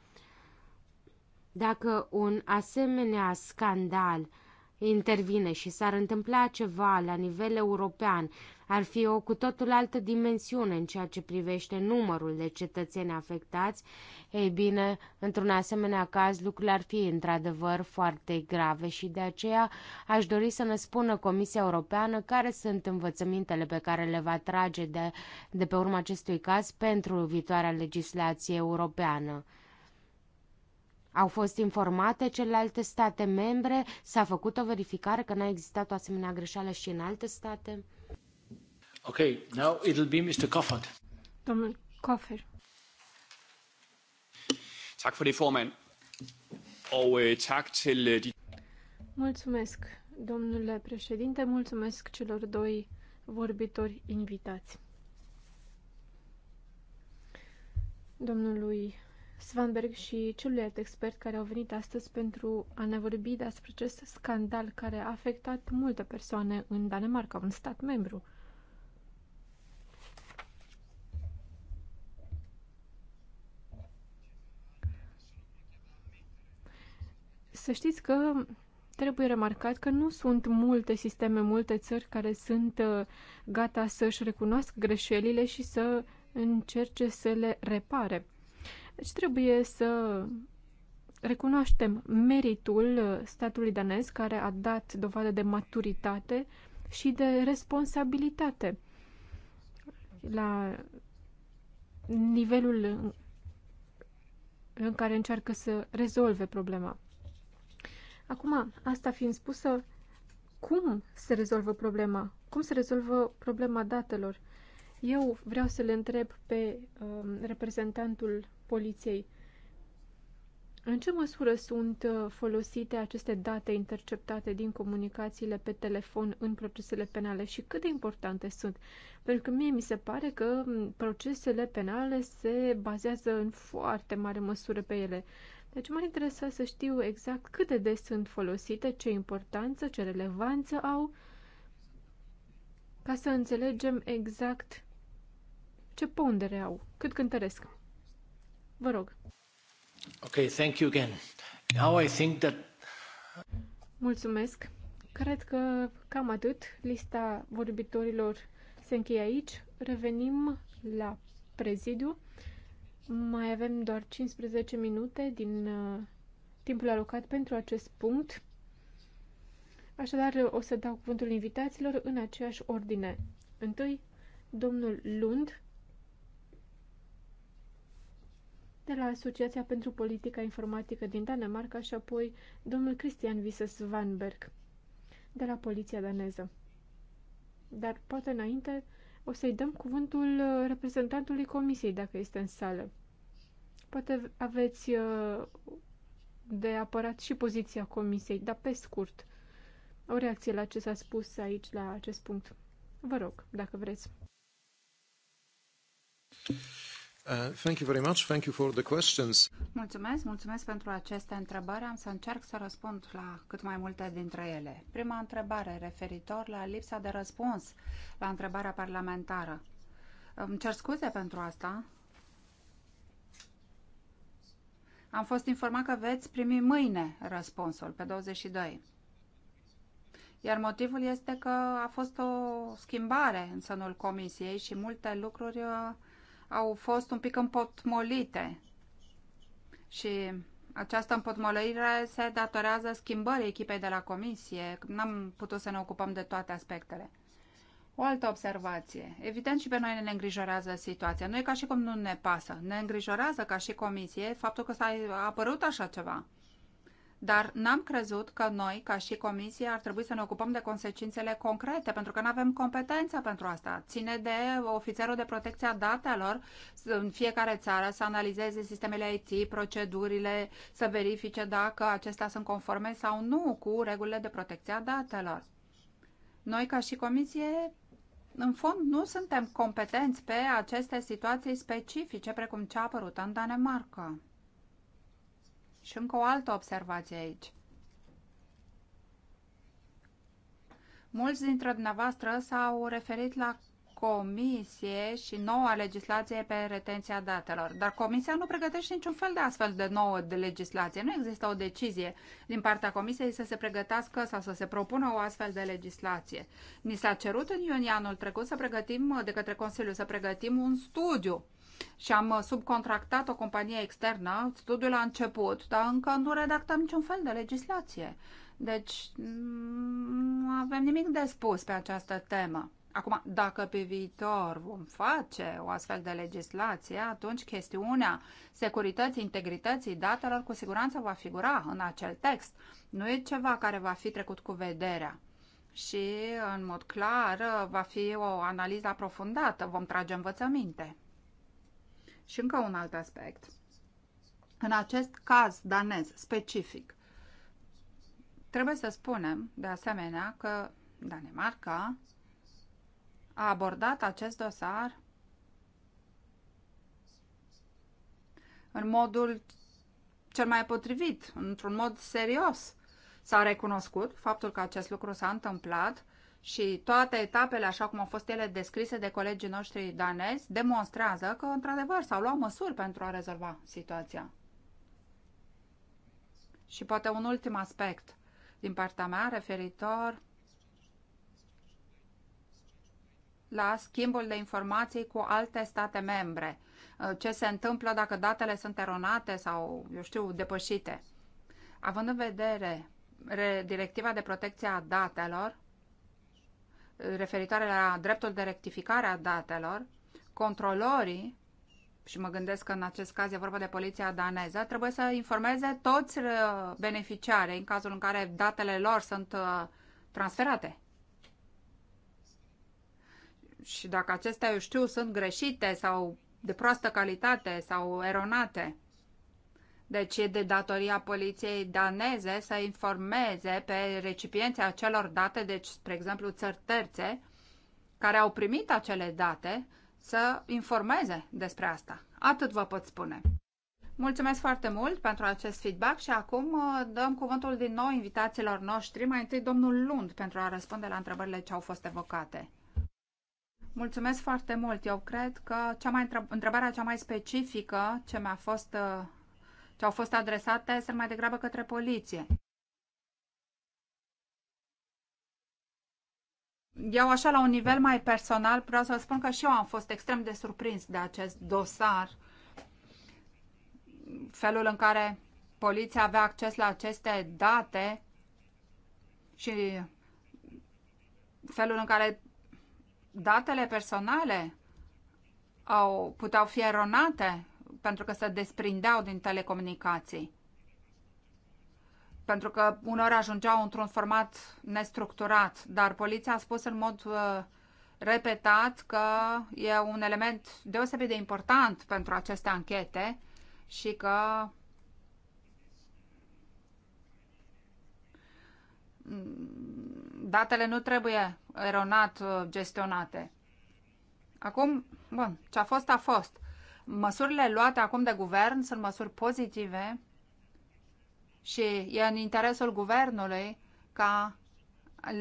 Dacă un asemenea scandal intervine și s-ar întâmpla ceva la nivel european, ar fi o cu totul altă dimensiune în ceea ce privește numărul de cetățeni afectați, ei bine, într-un asemenea caz lucrurile ar fi într-adevăr foarte grave și de aceea aș dori să ne spună Comisia Europeană care sunt învățămintele pe care le va trage de, de pe urma acestui caz pentru viitoarea legislație europeană. Au fost informate celelalte state membre? S-a făcut o verificare că n-a existat o asemenea greșeală și în alte state? Ok, now it'll be Mr. Coffert. Domnul Coffert. Tak for det, formand. Og øh, tak til øh, de... Mulțumesc, domnule președinte, mulțumesc celor doi vorbitori invitați. Domnului Svanberg și celălalt expert care au venit astăzi pentru a ne vorbi despre acest scandal care a afectat multe persoane în Danemarca, un stat membru. Să știți că trebuie remarcat că nu sunt multe sisteme, multe țări care sunt uh, gata să-și recunoască greșelile și să încerce să le repare. Deci trebuie să recunoaștem meritul statului danez care a dat dovadă de maturitate și de responsabilitate la nivelul în care încearcă să rezolve problema. Acum, asta fiind spusă, cum se rezolvă problema? Cum se rezolvă problema datelor? Eu vreau să le întreb pe um, reprezentantul poliției. În ce măsură sunt uh, folosite aceste date interceptate din comunicațiile pe telefon în procesele penale și cât de importante sunt? Pentru că mie mi se pare că procesele penale se bazează în foarte mare măsură pe ele. Deci m-ar interesa să știu exact cât de des sunt folosite, ce importanță, ce relevanță au, ca să înțelegem exact ce pondere au, cât cântăresc. Vă rog. Ok, thank you again. Now I think that... Mulțumesc. Cred că cam atât. Lista vorbitorilor se încheie aici. Revenim la prezidiu. Mai avem doar 15 minute din uh, timpul alocat pentru acest punct. Așadar, o să dau cuvântul invitaților în aceeași ordine. Întâi, domnul Lund, de la Asociația pentru Politica Informatică din Danemarca și apoi domnul Christian Vises Vanberg de la Poliția Daneză. Dar poate înainte o să-i dăm cuvântul uh, reprezentantului comisiei dacă este în sală. Poate aveți uh, de apărat și poziția comisiei, dar pe scurt. O reacție la ce s-a spus aici, la acest punct. Vă rog, dacă vreți. Uh, thank you very much. Thank you for the questions. Mulțumesc, mulțumesc pentru aceste întrebări. Am să încerc să răspund la cât mai multe dintre ele. Prima întrebare referitor la lipsa de răspuns la întrebarea parlamentară. Îmi cer scuze pentru asta. Am fost informat că veți primi mâine răspunsul, pe 22. Iar motivul este că a fost o schimbare în sânul comisiei și multe lucruri uh, au fost un pic împotmolite și această împotmolire se datorează schimbării echipei de la comisie. N-am putut să ne ocupăm de toate aspectele. O altă observație. Evident și pe noi ne îngrijorează situația. Nu e ca și cum nu ne pasă. Ne îngrijorează ca și comisie faptul că s-a apărut așa ceva dar n-am crezut că noi, ca și comisie, ar trebui să ne ocupăm de consecințele concrete, pentru că nu avem competența pentru asta. Ține de ofițerul de protecție a datelor în fiecare țară să analizeze sistemele IT, procedurile, să verifice dacă acestea sunt conforme sau nu cu regulile de protecție a datelor. Noi, ca și comisie, în fond, nu suntem competenți pe aceste situații specifice, precum cea apărută în Danemarca. Și încă o altă observație aici. Mulți dintre dumneavoastră s-au referit la comisie și noua legislație pe retenția datelor. Dar comisia nu pregătește niciun fel de astfel de nouă de legislație. Nu există o decizie din partea comisiei să se pregătească sau să se propună o astfel de legislație. Ni s-a cerut în iunie anul trecut să pregătim, de către Consiliu, să pregătim un studiu și am uh, subcontractat o companie externă, studiul a început, dar încă nu redactăm niciun fel de legislație. Deci mm, nu avem nimic de spus pe această temă. Acum, dacă pe viitor vom face o astfel de legislație, atunci chestiunea securității, integrității datelor cu siguranță va figura în acel text. Nu e ceva care va fi trecut cu vederea și, în mod clar, va fi o analiză aprofundată. Vom trage învățăminte. Și încă un alt aspect. În acest caz danez specific, trebuie să spunem, de asemenea, că Danemarca a abordat acest dosar în modul cel mai potrivit, într-un mod serios. S-a recunoscut faptul că acest lucru s-a întâmplat și toate etapele, așa cum au fost ele descrise de colegii noștri danezi, demonstrează că, într-adevăr, s-au luat măsuri pentru a rezolva situația. Și poate un ultim aspect din partea mea referitor la schimbul de informații cu alte state membre. Uh, ce se întâmplă dacă datele sunt eronate sau, eu știu, depășite. Având în vedere directiva de protecție a datelor, referitoare la dreptul de rectificare a datelor, controlorii, și mă gândesc că în acest caz e vorba de poliția daneză, trebuie să informeze toți uh, beneficiarii în cazul în care datele lor sunt uh, transferate. Și dacă acestea, eu știu, sunt greșite sau de proastă calitate sau eronate, deci e de datoria poliției daneze să informeze pe recipienții acelor date, deci, spre exemplu, țări terțe, care au primit acele date, să informeze despre asta. Atât vă pot spune. Mulțumesc foarte mult pentru acest feedback și acum uh, dăm cuvântul din nou invitațiilor noștri, mai întâi domnul Lund, pentru a răspunde la întrebările ce au fost evocate. Mulțumesc foarte mult. Eu cred că cea mai întrebarea cea mai specifică ce mi-a fost uh, ce au fost adresate sunt mai degrabă către poliție. Eu așa la un nivel mai personal vreau să vă spun că și eu am fost extrem de surprins de acest dosar, felul în care poliția avea acces la aceste date și felul în care datele personale au, puteau fi eronate pentru că se desprindeau din telecomunicații. Pentru că uneori ajungeau într-un format nestructurat, dar poliția a spus în mod uh, repetat că e un element deosebit de important pentru aceste anchete și că datele nu trebuie eronat uh, gestionate. Acum, bun, ce a fost, a fost. Măsurile luate acum de guvern sunt măsuri pozitive și e în interesul guvernului ca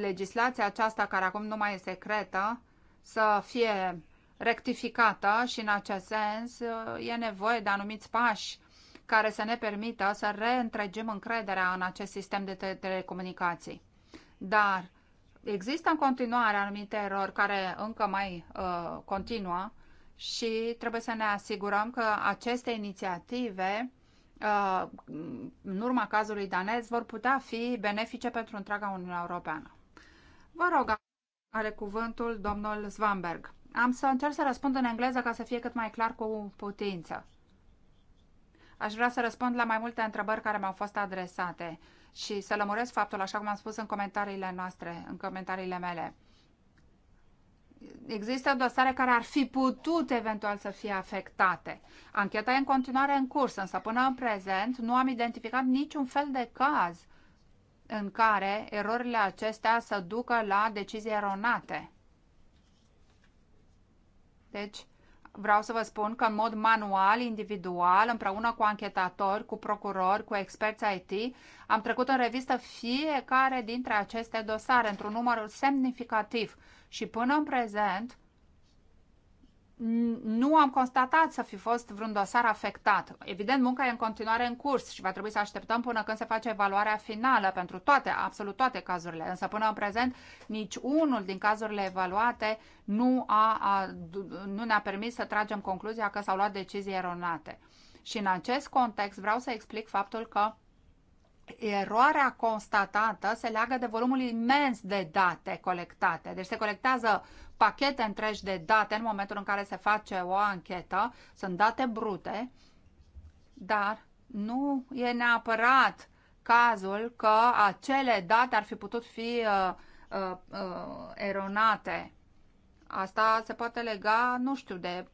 legislația aceasta, care acum nu mai e secretă, să fie rectificată și în acest sens e nevoie de anumiți pași care să ne permită să reîntregim încrederea în acest sistem de telecomunicații. Dar există în continuare anumite erori care încă mai uh, continuă și trebuie să ne asigurăm că aceste inițiative, uh, în urma cazului danez, vor putea fi benefice pentru întreaga Uniune Europeană. Vă rog, are cuvântul domnul Svanberg. Am să încerc să răspund în engleză ca să fie cât mai clar cu putință. Aș vrea să răspund la mai multe întrebări care mi-au fost adresate și să lămuresc faptul, așa cum am spus în comentariile noastre, în comentariile mele există dosare care ar fi putut eventual să fie afectate. Ancheta e în continuare în curs, însă până în prezent nu am identificat niciun fel de caz în care erorile acestea să ducă la decizii eronate. Deci, vreau să vă spun că în mod manual, individual, împreună cu anchetatori, cu procurori, cu experți IT, am trecut în revistă fiecare dintre aceste dosare într-un număr semnificativ și până în prezent nu am constatat să fi fost vreun dosar afectat. Evident, munca e în continuare în curs și va trebui să așteptăm până când se face evaluarea finală pentru toate, absolut toate cazurile. Însă până în prezent, nici unul din cazurile evaluate nu, a, a, nu ne-a permis să tragem concluzia că s-au luat decizii eronate. Și în acest context vreau să explic faptul că eroarea constatată se leagă de volumul imens de date colectate. Deci se colectează pachete întregi de date în momentul în care se face o anchetă. Sunt date brute, dar nu e neapărat cazul că acele date ar fi putut fi uh, uh, uh eronate. Asta se poate lega, nu știu, de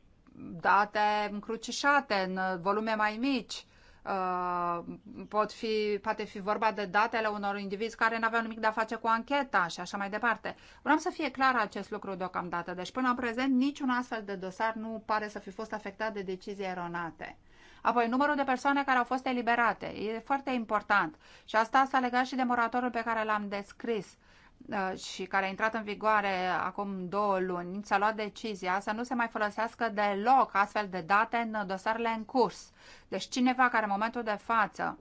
date încrucișate în volume mai mici, Uh, pot fi, poate fi vorba de datele unor indivizi care nu aveau nimic de a face cu ancheta și așa mai departe. Vreau să fie clar acest lucru deocamdată. Deci până în prezent niciun astfel de dosar nu pare să fi fost afectat de decizii eronate. Apoi, numărul de persoane care au fost eliberate e foarte important și asta s-a legat și de moratorul pe care l-am descris. Da, și care a intrat în vigoare acum două luni, s-a luat decizia să nu se mai folosească deloc astfel de date în dosarele în curs. Deci cineva care în momentul de față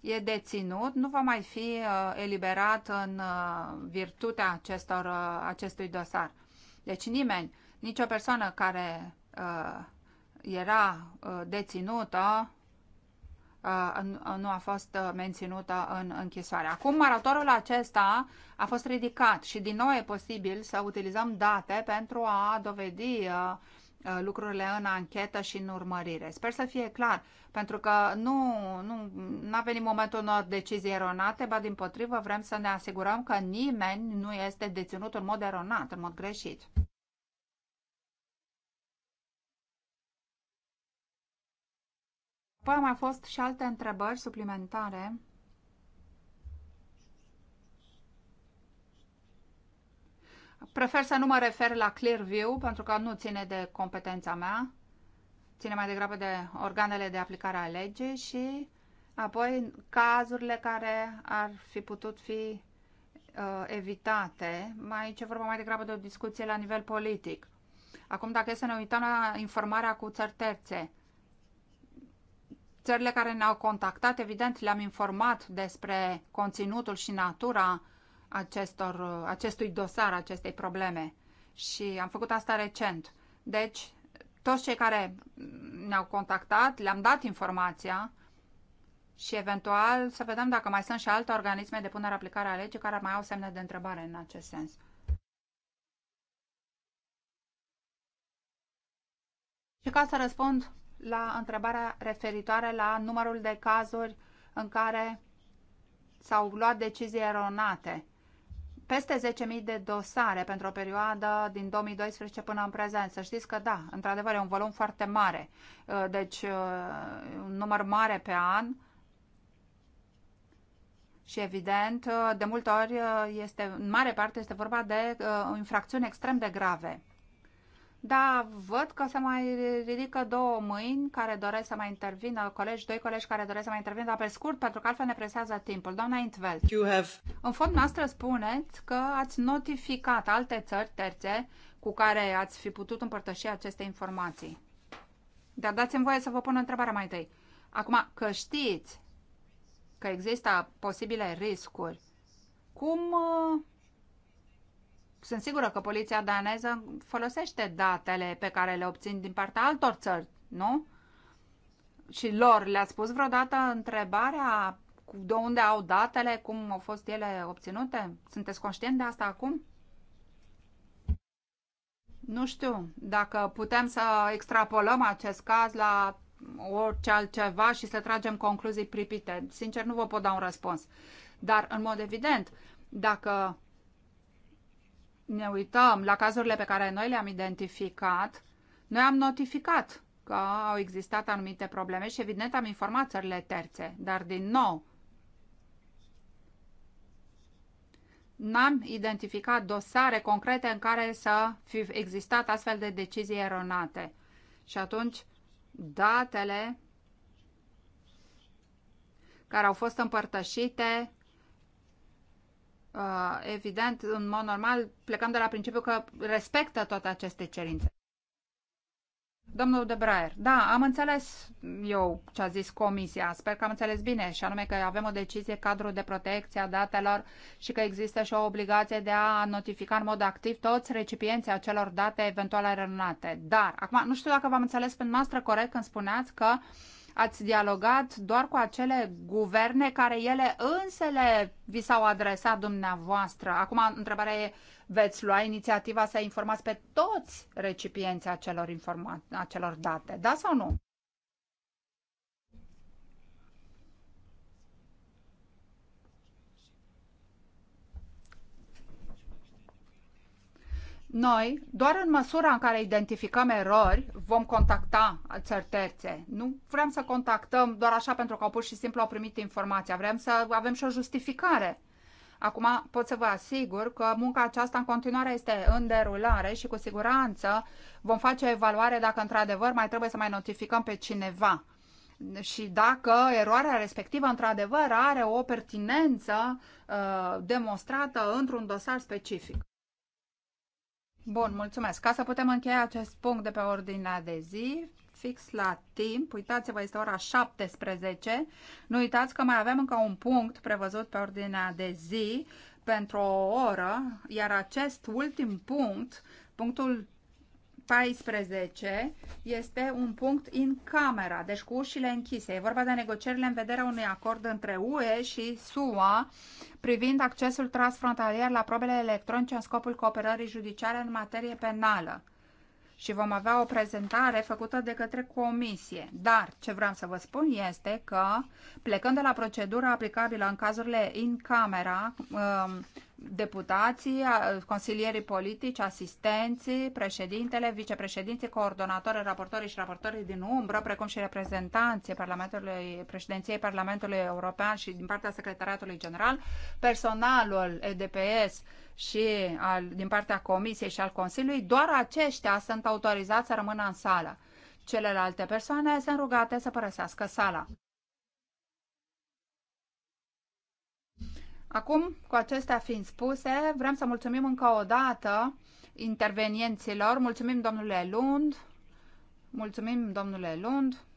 e deținut, nu va mai fi uh, eliberat în uh, virtutea acestor, uh, acestui dosar. Deci nimeni, nicio persoană care era deținută nu a fost uh, menținută în închisoare. Acum, maratorul acesta a fost ridicat și din nou e posibil să utilizăm date pentru a dovedi uh, uh, lucrurile în anchetă și în urmărire. Sper să fie clar, pentru că nu, nu a venit momentul unor decizii eronate, ba din potrivă vrem să ne asigurăm că nimeni nu este deținut în mod eronat, în mod greșit. Apoi au mai fost și alte întrebări suplimentare. Prefer să nu mă refer la Clearview, pentru că nu ține de competența mea, ține mai degrabă de organele de aplicare a legii și apoi cazurile care ar fi putut fi uh, evitate. Mai ce vorba mai degrabă de o discuție la nivel politic. Acum, dacă e să ne uităm la informarea cu țări terțe, Țările care ne-au contactat, evident, le-am informat despre conținutul și natura acestor, acestui dosar, acestei probleme. Și am făcut asta recent. Deci, toți cei care ne-au contactat, le-am dat informația și eventual să vedem dacă mai sunt și alte organisme de punere aplicare a legii care mai au semne de întrebare în acest sens. Și ca să răspund la întrebarea referitoare la numărul de cazuri în care s-au luat decizii eronate. Peste 10.000 de dosare pentru o perioadă din 2012 până în prezent. Să știți că da, într-adevăr e un volum foarte mare, uh, deci uh, un număr mare pe an. Și evident, uh, de multe ori este, în mare parte este vorba de infracțiuni extrem de grave. Da, văd că se mai ridică două mâini care doresc să mai intervină, colegi, doi colegi care doresc să mai intervină, dar pe scurt, pentru că altfel ne presează timpul. Doamna Intveld, you have... în fond noastră spuneți că ați notificat alte țări terțe cu care ați fi putut împărtăși aceste informații. Dar dați-mi voie să vă pun întrebarea mai întâi. Acum, că știți că există posibile riscuri, cum uh, sunt sigură că poliția daneză folosește datele pe care le obțin din partea altor țări, nu? Și lor le-a spus vreodată întrebarea de unde au datele, cum au fost ele obținute? Sunteți conștient de asta acum? Nu știu dacă putem să extrapolăm acest caz la orice altceva și să tragem concluzii pripite. Sincer, nu vă pot da un răspuns. Dar, în mod evident, dacă ne uităm la cazurile pe care noi le-am identificat, noi am notificat că au existat anumite probleme și evident am informat țările terțe, dar din nou n-am identificat dosare concrete în care să fi existat astfel de decizii eronate. Și atunci datele care au fost împărtășite Uh, evident, în mod normal, plecăm de la principiu că respectă toate aceste cerințe. Domnul De Braer, da, am înțeles eu ce a zis comisia, sper că am înțeles bine, și anume că avem o decizie cadru de protecție a datelor și că există și o obligație de a notifica în mod activ toți recipienții acelor date eventuale renunate. Dar, acum, nu știu dacă v-am înțeles pe noastră corect când spuneați că uh, ați dialogat doar cu acele guverne care ele însele vi s-au adresat dumneavoastră. Acum, întrebarea e, veți lua inițiativa să informați pe toți recipienții acelor, informa- acelor date, da sau nu? Noi, doar în măsura în care identificăm erori, vom contacta țări terțe. Nu vrem să contactăm doar așa pentru că au pur și simplu au primit informația. Vrem să avem și o justificare. Acum pot să vă asigur că munca aceasta în continuare este în derulare și cu siguranță vom face o evaluare dacă într-adevăr mai trebuie să mai notificăm pe cineva și dacă eroarea respectivă într-adevăr are o pertinență uh, demonstrată într-un dosar specific. Bun, mulțumesc. Ca să putem încheia acest punct de pe ordinea de zi, fix la timp, uitați-vă, este ora 17. Nu uitați că mai avem încă un punct prevăzut pe ordinea de zi pentru o oră, iar acest ultim punct, punctul 14 este un punct în camera, deci cu ușile închise. E vorba de negocierile în vederea unui acord între UE și SUA privind accesul transfrontalier la probele electronice în scopul cooperării judiciare în materie penală și vom avea o prezentare făcută de către comisie. Dar ce vreau să vă spun este că, plecând de la procedura aplicabilă în cazurile in camera, um, deputații, consilierii politici, asistenții, președintele, vicepreședinții, coordonatorii, raportorii și raportorii din umbră, precum și reprezentanții Parlamentului, președinției Parlamentului European și din partea Secretariatului General, personalul EDPS, și al, din partea Comisiei și al Consiliului, doar aceștia sunt autorizați să rămână în sală. Celelalte persoane sunt rugate să părăsească sala. Acum, cu acestea fiind spuse, vrem să mulțumim încă o dată intervenienților. Mulțumim domnule Lund, mulțumim domnule Lund.